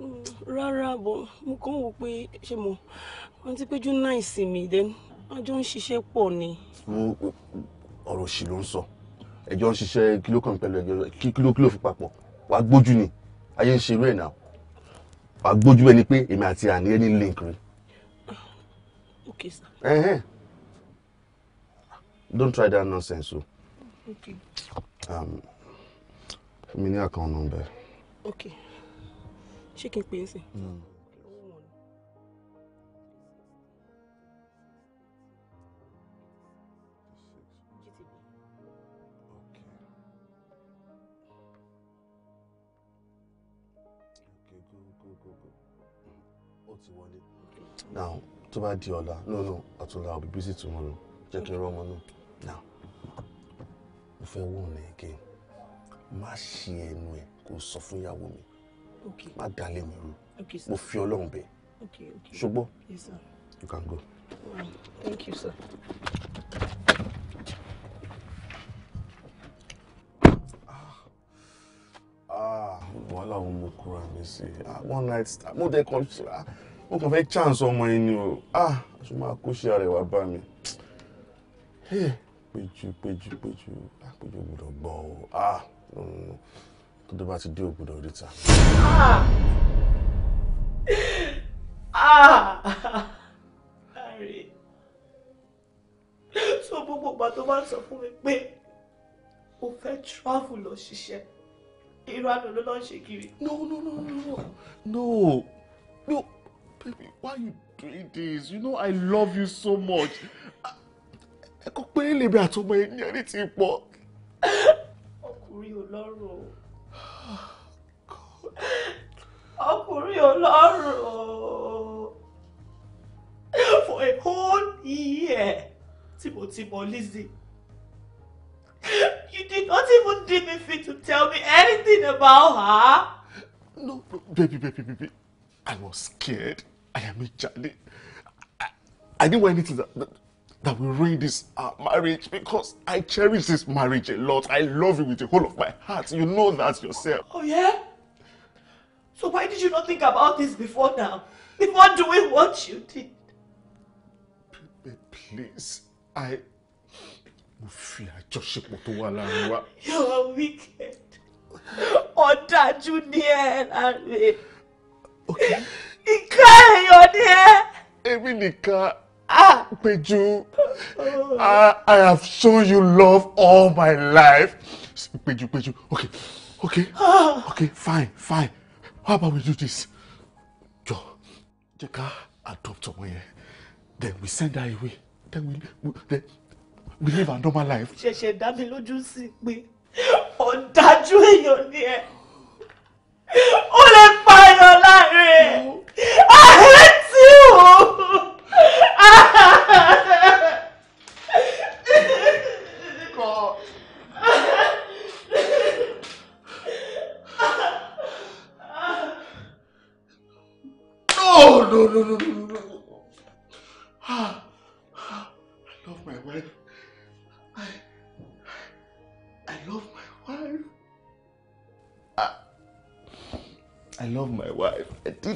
Mm, rárá bọ mo kàn wò pé ṣe mo wọn ti péjú náà ìsinmi then wọn jọ ń ṣiṣẹ́ pọ̀ ni. ọ̀rọ̀ òṣì ló ń sọ ẹjọ́ ń ṣiṣẹ́ kíló kan pẹ̀lú ẹjọ́ kíló kíló fi papọ̀ wàá gbójú ni ayé ń ṣe irú ẹ̀ náà wàá gbójú ẹni pé èmi àti àní ẹni link rẹ. Ah, ok sir don't try that nonsense o. okay. um, fún mi account number. okay ṣé kí n hmm. now tó bá di ọ̀la no no ọ̀túnla I'll be busy tomorrow Check kí n rọ́ ọmọ now mo fẹ́ wọ́n ní kí n má ṣe ẹnu ẹ̀ kó sọ fún ìyàwó mi má dalẹ̀ mi rú mo fi ọlọ́run bẹ̀ ṣùgbọ́n you can go. Right. Thank you, sir. Ah, wàhálà òun mo kúra mi sí ah, one night star mo dé kan ah, mo kàn fẹ́ chance ọmọ yẹn ni o ah aṣọ máa kó ṣe àrẹwà bá mi péjú péjú péjú àpéjọ ah, gbọ́dọ̀ gbọ́ ọ ah mm. tó dé bá ti dé ògbọ́dọ̀ ríta. ààrẹ ah! gbogbo ìgbà tó bá ń sọ fún mi pé o fẹ́ travel lọ ṣiṣẹ́ irú àná ló lọ ń ṣe kiri. no no no no no no no baby why you doing this you know I love you so much. I ah, ẹ̀kọ́ pé lèmi àtọmọ yẹn ní ẹni tí pọ̀. ọkùnrin ò lọ́rùn o ọkùnrin ò lọ́rùn for a whole year tí mo Lizzie you did not even deem me fit to tell me anything about her. No, no, baby, baby, baby. I was scared. I am a Charlie. I, I didn't want anything that, that that we ruin this uh, marriage because I cherish this marriage a lot. I love you with the whole of my heart. You know that yourself. Oh, yeah? So why did you not think about this before now? Before doing what you did? please. I... You are wicked. Ọ̀dájú ni ẹ láre. Okay. Ìkà èèyàn Ah, Peju, I, I have shown you love all my life. Peju, Peju, okay, okay, ah. okay, fine, fine. How about we do this? Jọ, jẹ́ ká adopt ọmọ yẹn, then we send her away, then we, we then we live a normal life. She she mi lójú sí pé ọ̀dájú èèyàn ni ẹ̀, ó lè pààyàn láàrin ẹ̀.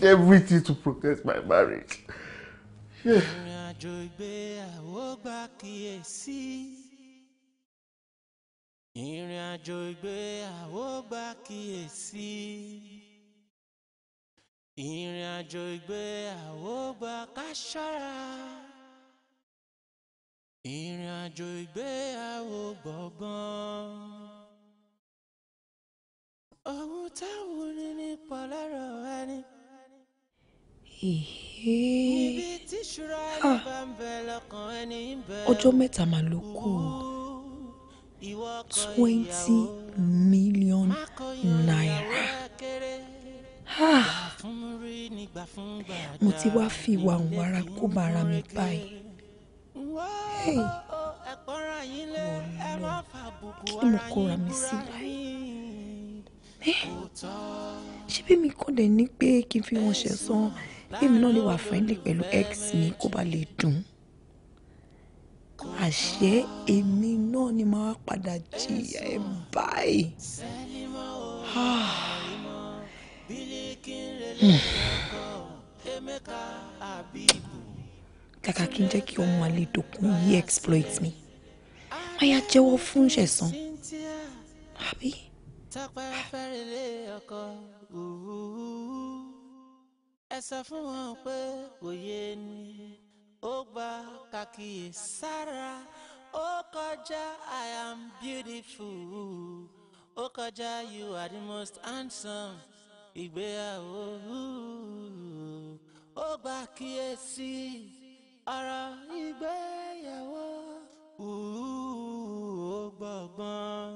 did everything to protect my marriage. ìrìn àjò ìgbéyàwó gba gba kíyèsí ìrìn àjò ìgbéyàwó gba gbọ̀ngàn ohun táwọn ní lọ́rọ̀ ẹni. Ah. ọjọ́ mẹ́ta mà ló kù twenty million naira ah. mo ti wá fi ìwà òun ara kó bàrà mi báyìí kí mo kóra mi sí báyìí ṣé bí mi kọ́ dẹ̀ ní pé kí n fi wọn ṣẹ̀ san bẹ́ẹ̀ mi náà lè wà friendly pẹ̀lú ex mi kó ba lè dùn àṣé èmi náà ni màá padà jìyà ẹ báyìí. kàkà kí n jẹ́ kí ọmọ àlèdòkun yìí exploit mi máyà jẹ́wọ́ fún ṣẹ̀san àbí ẹ sọ fún wọn pé kò yé ni ó gba kàkíyè sára ó kọjá i am beautiful ó kọjá you are the most handsome ìgbéyàwó ó gba kíyèsí ọ̀rọ̀ ìgbéyàwó ó gbọ̀gbọ́n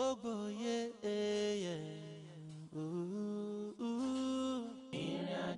ó gbòye ẹ̀yẹ̀.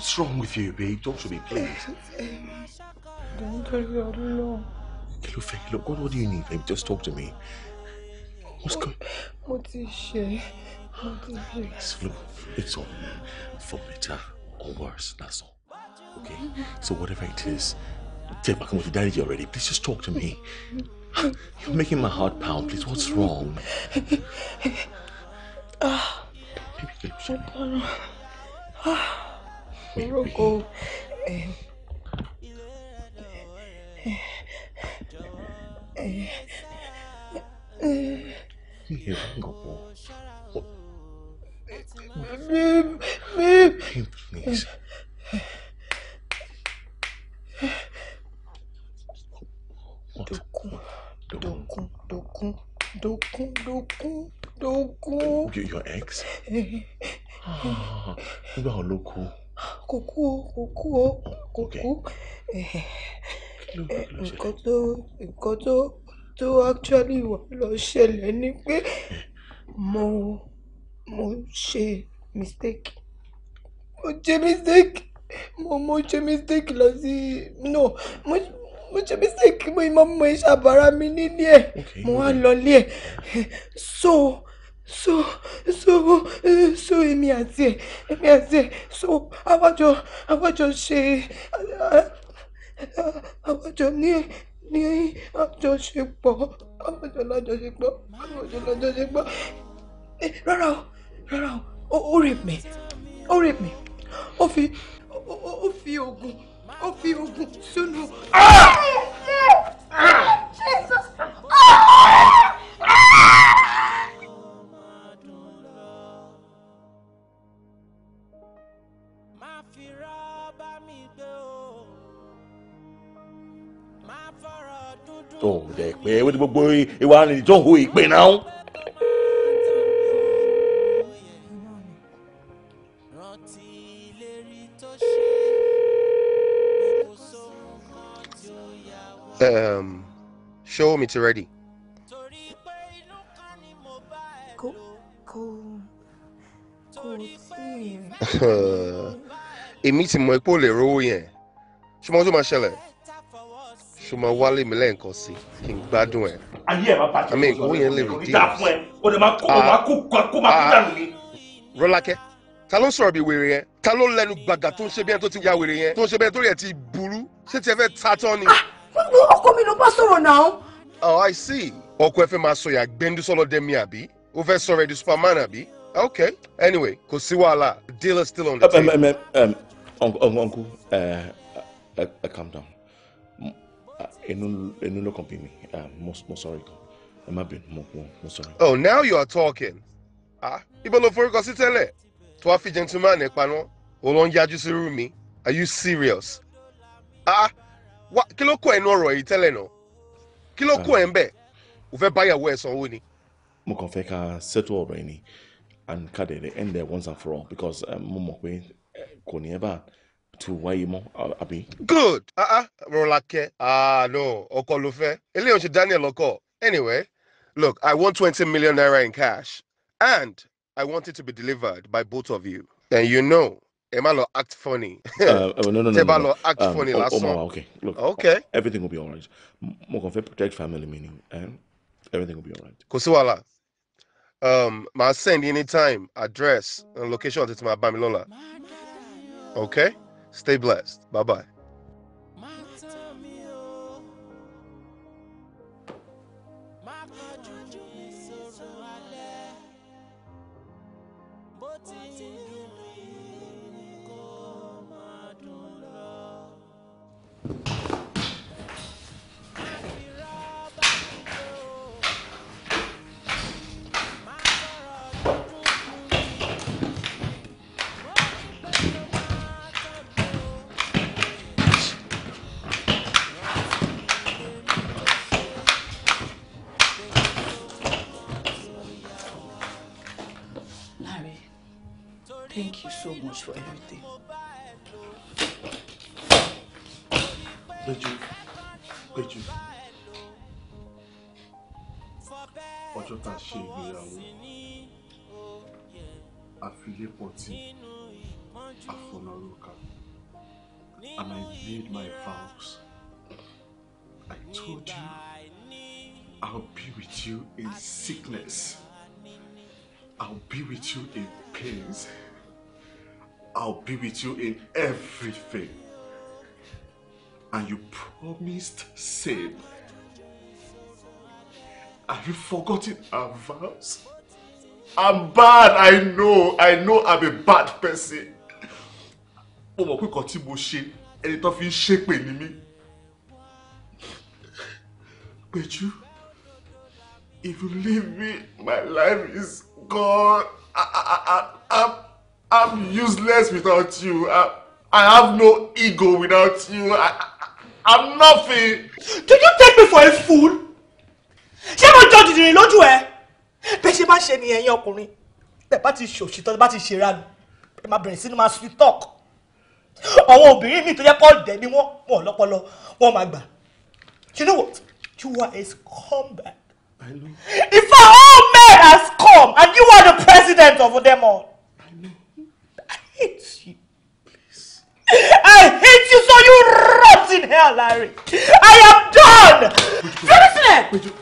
What's wrong with you, B? Talk to me, please. Don't tell me I don't know. Look, look, what, what do you need, babe? Just talk to me. What's going What is she? What is she? So look, it's all for better or worse, that's all. Okay? So whatever it is, take back with the daddy already. Please just talk to me. You're making my heart pound, please. What's wrong? Ah, Baby, Ruko. Please. Your ex? Ah, you local. kò kú o kò kú o kò kú nǹkan tó nǹkan tó tó actually wà lọ ṣẹlẹ̀ ni pé mo mo ṣe mistake mo ṣe mistake mo mo ṣe mistake lọ sí no mo mo ṣe mistake mo ìmọ̀ mo ìṣàbára mi nílé ẹ̀ mo wá lọ lé ẹ̀ so so so so èmi àti ẹ èmi àti ẹ so àwájọ àwájọ ṣe àwájọ ní ní àjọṣepọ̀ àwájọ lájọṣepọ̀ àwájọ lájọṣepọ̀ rárá o rárá o ó rape mi ó rape mi ó fi ó fi oògùn ó fi oògùn sínú. Jesus! Ah! ah! ah! ah! fira bá mi gbé o má fọ̀rọ̀ dúdú. tó ń bẹ pé ewé gbogbo ìwà nìyí tó ń hu ìpè náà. Um, show me to ready. Cool. Cool. Cool èmi ti mọ̀ pé ó lè rówó yẹn ṣùgbọ́n tó máa ṣẹlẹ̀ ṣùgbọ́n wálé mi lẹ́ẹ̀kan sí kí n gbádùn ẹ̀. ayé ẹ̀ máa bàjẹ́ ọ̀rọ̀ owó yẹn lè rí díẹ̀. o lè máa kó o máa kó kó máa kó ah, dànù ni. rọ́lákẹ́ ta ló ń sọ̀rọ̀ bí wèrè yẹn ta ló lẹ́nu gbàgà tó ń ṣe bí ẹni tó ti ya wèrè yẹn tó ń ṣe bí ẹni tó yẹ ti burú ṣé tiẹ̀ fẹ́ ta tán ni. Ah, ọkọ mi ló bá sọ̀rọ̀ oh i see ọkọ ẹ fẹ́ máa sọ yà gbẹ́ndú sọ́lọ́dẹ́ mi àbí okay anyway kò sí wàhálà still on the uncle, uncle, uncle uh, uh, eh, eh, calm down. Enu eh, ló kàn bí mi. Mo sorry kan. Ẹ má bínú, sorry. Oh, now you are talking. Ah, ibo lo forúkọ sí tẹ́lẹ̀. Tó wá a gentleman ẹ̀ paná, òun ló ń yájú sí rú mi. Are you serious? Ah, What? ló kọ́ ẹnu ọ̀rọ̀ yìí tẹ́lẹ̀ náà? Kí ló kọ́ ẹ̀ ń bẹ̀? O fẹ́ báyàwó ẹ̀ sanwó ni. Mo kàn fẹ́ settle ọ̀rọ̀ and ká dẹ̀ end there once and for all because mo mọ̀ pé kò ní ẹ bá ti wáyé mọ́ àbí. good ah, ah, rọlákẹ́ àánú ah, ọkọ ló fẹ́ eléyìí ò ṣe daniel ọkọ anyway look i want twenty million naira in cash and i want it to be delivered by both of you and you know Emalo act funny. Uh, uh, no, no, no, tẹ bá lọ act um, funny last ọmọ okay look okay. everything will be alright mo protect family meaning. ni eh? everything will be alright. kò um, màá send anytime address and location àti tí màá bá lọ́la. Okay? Stay blessed. Bye bye. you in everything. And you promised same. Have you forgotten our vows? I'm bad, I know. I know I'm a bad person. Oh my pé kan tí mo It's ẹni tó fi ń ṣépè ní mí. if you leave me, my life is gone. I, I, I, I'm I'm useless without you. I, I have no ego without you. I, I, I'm nothing. Do you take me for a fool? Ṣé mo jọ dìdìrín lójú ẹ? Bẹ́ẹ̀ ṣe máa ṣe ni ẹ̀yin ọkùnrin. Bẹ́ẹ̀ bá ti ṣe òṣìṣẹ́ bá ti ṣe ránu. Ẹ máa bẹ̀rẹ̀ sí ni máa sweet talk. Àwọn obìnrin mi tó yẹ kọ́ dẹ̀ ni wọ́n wọ́n lọ́pọlọ wọ́n máa gbà. You know what? You are a scumbag. If our old man has come and you are the president of them all hate you. Please. I hate you so you rot in hell, Larry. I am done. Finish it.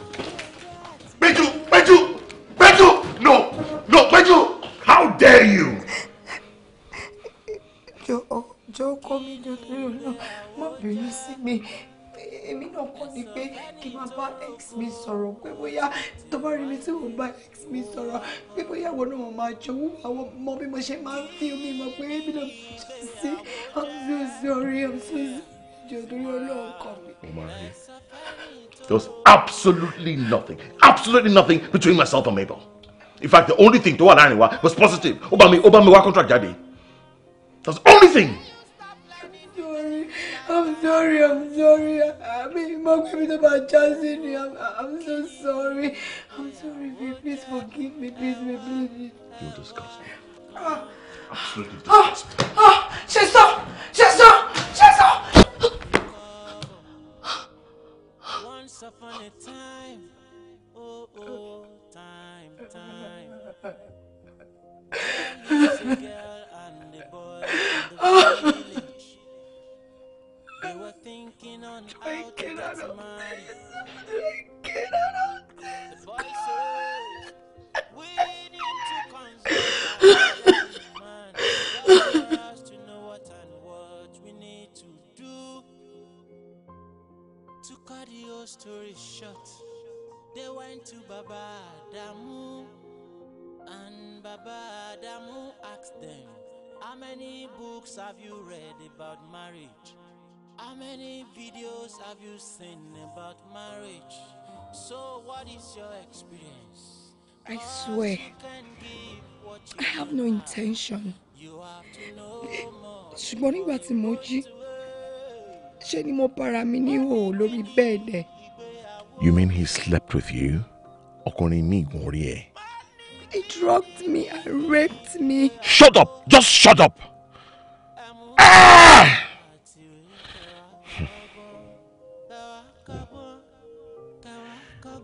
Peju, Peju, Peju, no, no, Peju, how dare you? Joe, Joe, call me, Joe, no, no, no, no, no, no, no, no, èmi náà kọ́ ni pé kí n máa bá ex mi sọ̀rọ̀ pé bóyá tó rí mi tí mò bá ex mi sọ̀rọ̀ pé bóyá àwọn náà máa jowú àwọn mọ bí mo ṣe máa ń fi omi mọ̀ pé èmi náà sí i'm so sorry i'm so jòdúró lóun mi. There was absolutely nothing, absolutely nothing between myself and Mabel. In fact, the only thing to wà láàrin wa was positive. Ó bá mi, ó bá contract jáde. That's the only thing. I'm sorry, I'm sorry. I mean, Mom gave me the bad chance in I'm, I'm so sorry. I'm sorry, babe. Please forgive me. Please, babe. Please. You're disgusting. Ah. Absolutely ah. disgusting. Ah, ah, Chester! Chester! Chester! Once upon a time. Oh, oh, time, time. And girl and the boy ah. We were thinking on how to get married. Thinking on The boy said, we to consult man. to know what and what we need to do. To cut your story short, they went to Baba Damu. And Baba Damu asked them, how many books have you read about marriage? How many videos have you seen about marriage? So what is your experience? I swear, I have no intention. Ṣùgbọ́n nígbà tí mo jí, ṣé ni mo para mi ní lórí bẹ́ẹ̀dẹ̀. You mean he slept with you? Ọkùnrin ní ìgbọ̀n orí ẹ̀. He drugged me and raped me. Shut up! Just shut up! Ah!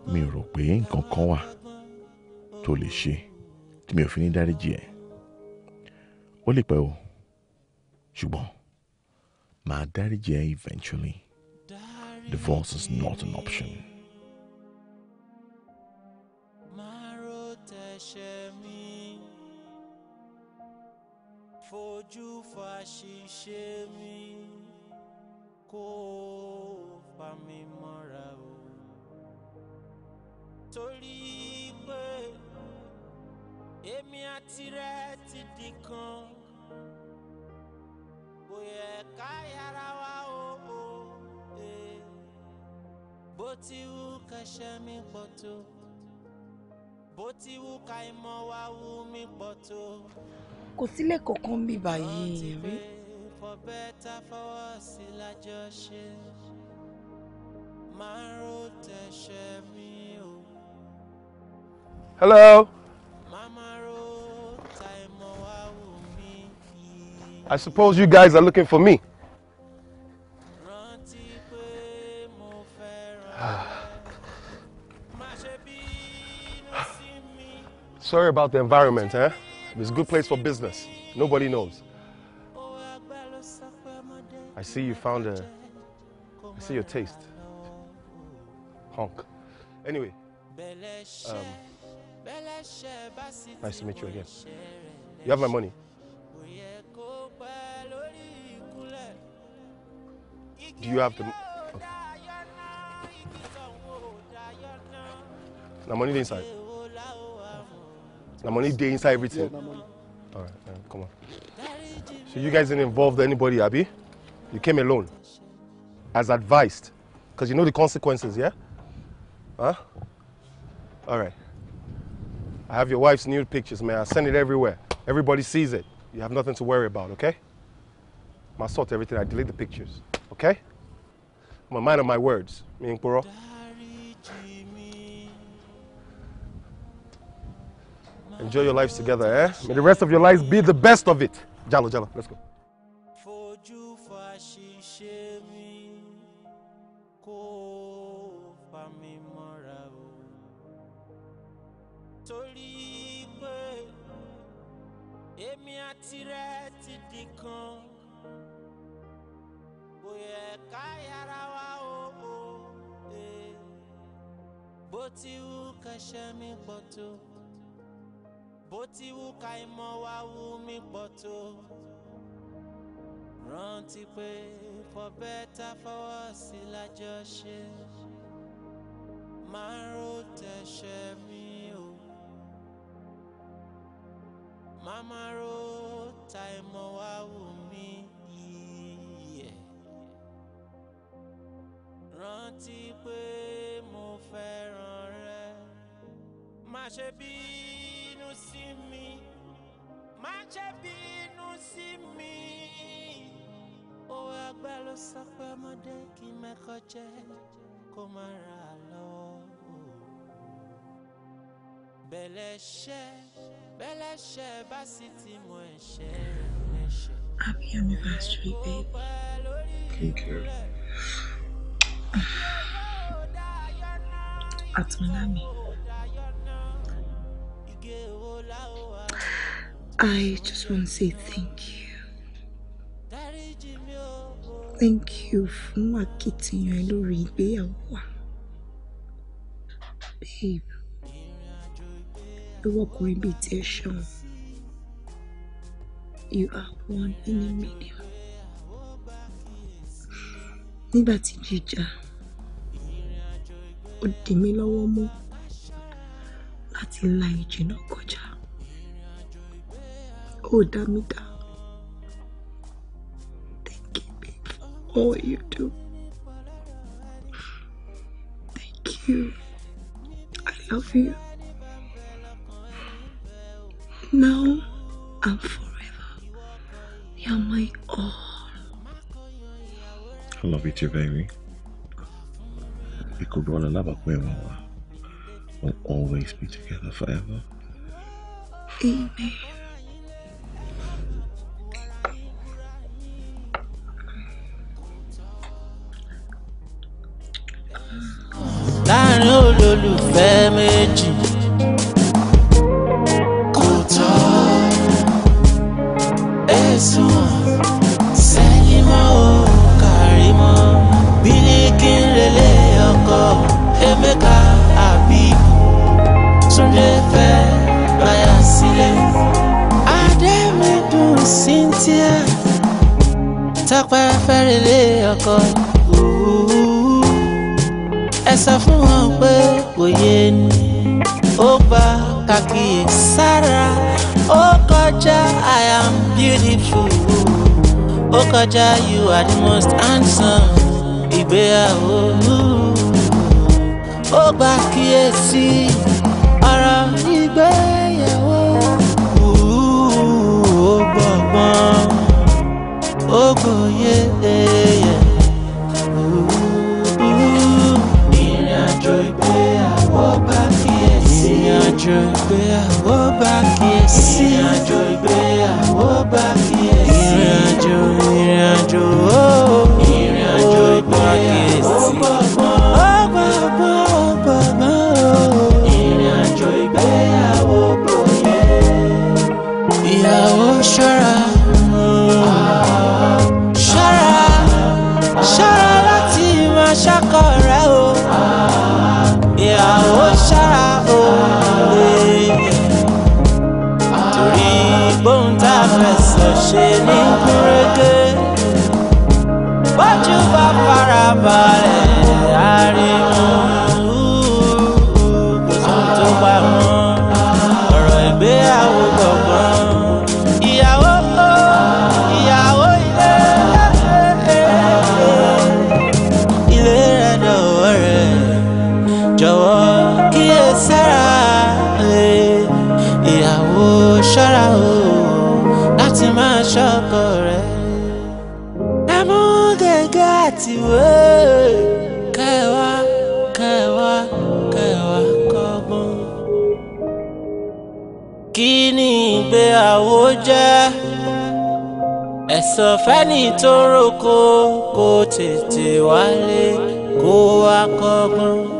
mi ò rò pé nǹkan kan wà tó lè ṣe tí mi ò fi ní dáríjì ẹ̀ ó lè pẹ́ o ṣùgbọ́n màá dáríjì ẹ̀ eventually divorce is not an option. fojú fàṣìṣe mi kó o fà mí mọ́ra o torí pé èmi àti rẹ ti di kan kò yẹ ká yára wa o o e. bó ti wù ká ṣe mí tó bó ti wù ká ìmọ̀ wa wù mí pọ̀ tó. kò sílẹ̀ kankan bí báyìí rí. for better for worse lájọ ṣe máa ń ro tẹ̀sẹ̀ mi. Hello? I suppose you guys are looking for me. Sorry about the environment, eh? It's a good place for business. Nobody knows. I see you found a... I see your taste. Honk. Anyway. Um, Nice to meet you again. You have my money. Do you have the... Okay. Now money inside. Now money day inside everything. All right, yeah, um, come on. So you guys didn't involve anybody, Abby? You came alone, as advised, because you know the consequences, yeah? Huh? All right. I have your wife's nude pictures, man. I send it everywhere. Everybody sees it. You have nothing to worry about, okay? I sort everything. I delete the pictures, okay? My mind of my words, me and Puro. Enjoy your lives together, eh? May the rest of your lives be the best of it. Jalo, Jalo, let's go. torí pé èmi àti rẹ ti di kan bó yẹ ká yára wa o o e. bó ti wù kẹsẹ̀ mi pọ̀ tó bó ti wù ká ìmọ̀ wa wù mí pọ̀ tó rántí pé for better for worse la ṣe máa ń ro tẹ̀sẹ̀ mi. Mama ro time wa wù mí yíyẹ. Rántí pé mo fẹ́ràn rẹ. Má ṣe bínú sí mi. Má ṣe bínú sí mi. Owó àgbà ló sọ pé ọmọdé kì í mẹ́kọ̀ọ́ kó má ra lọ. Bẹ̀lẹ̀ ṣẹ́. I'm here, my last three, baby. Thank you. At I just want to say thank you. Thank you fún akitiyan lórí ìgbéyàwó wa. Babe. ìwọ ọkùnrin bíi tiẹ̀ ṣẹ̀wọ̀n you are one in a million. nígbà tí jíjà ó dì mí lọ́wọ́ mú láti la ìjì náà kọjá ó dá mi dá. Thank you, babe, for all you do. Thank you. I love you. now and forever. You're my all. I love you too, baby. We could run another we are. We'll always be together forever. Amen. Naija, you are the most handsome. Ìgbéyàwó ó bá kíyèsí. sọ fẹ́ni tó roko kó tètè wálé kó wá kọ́gbọ́n.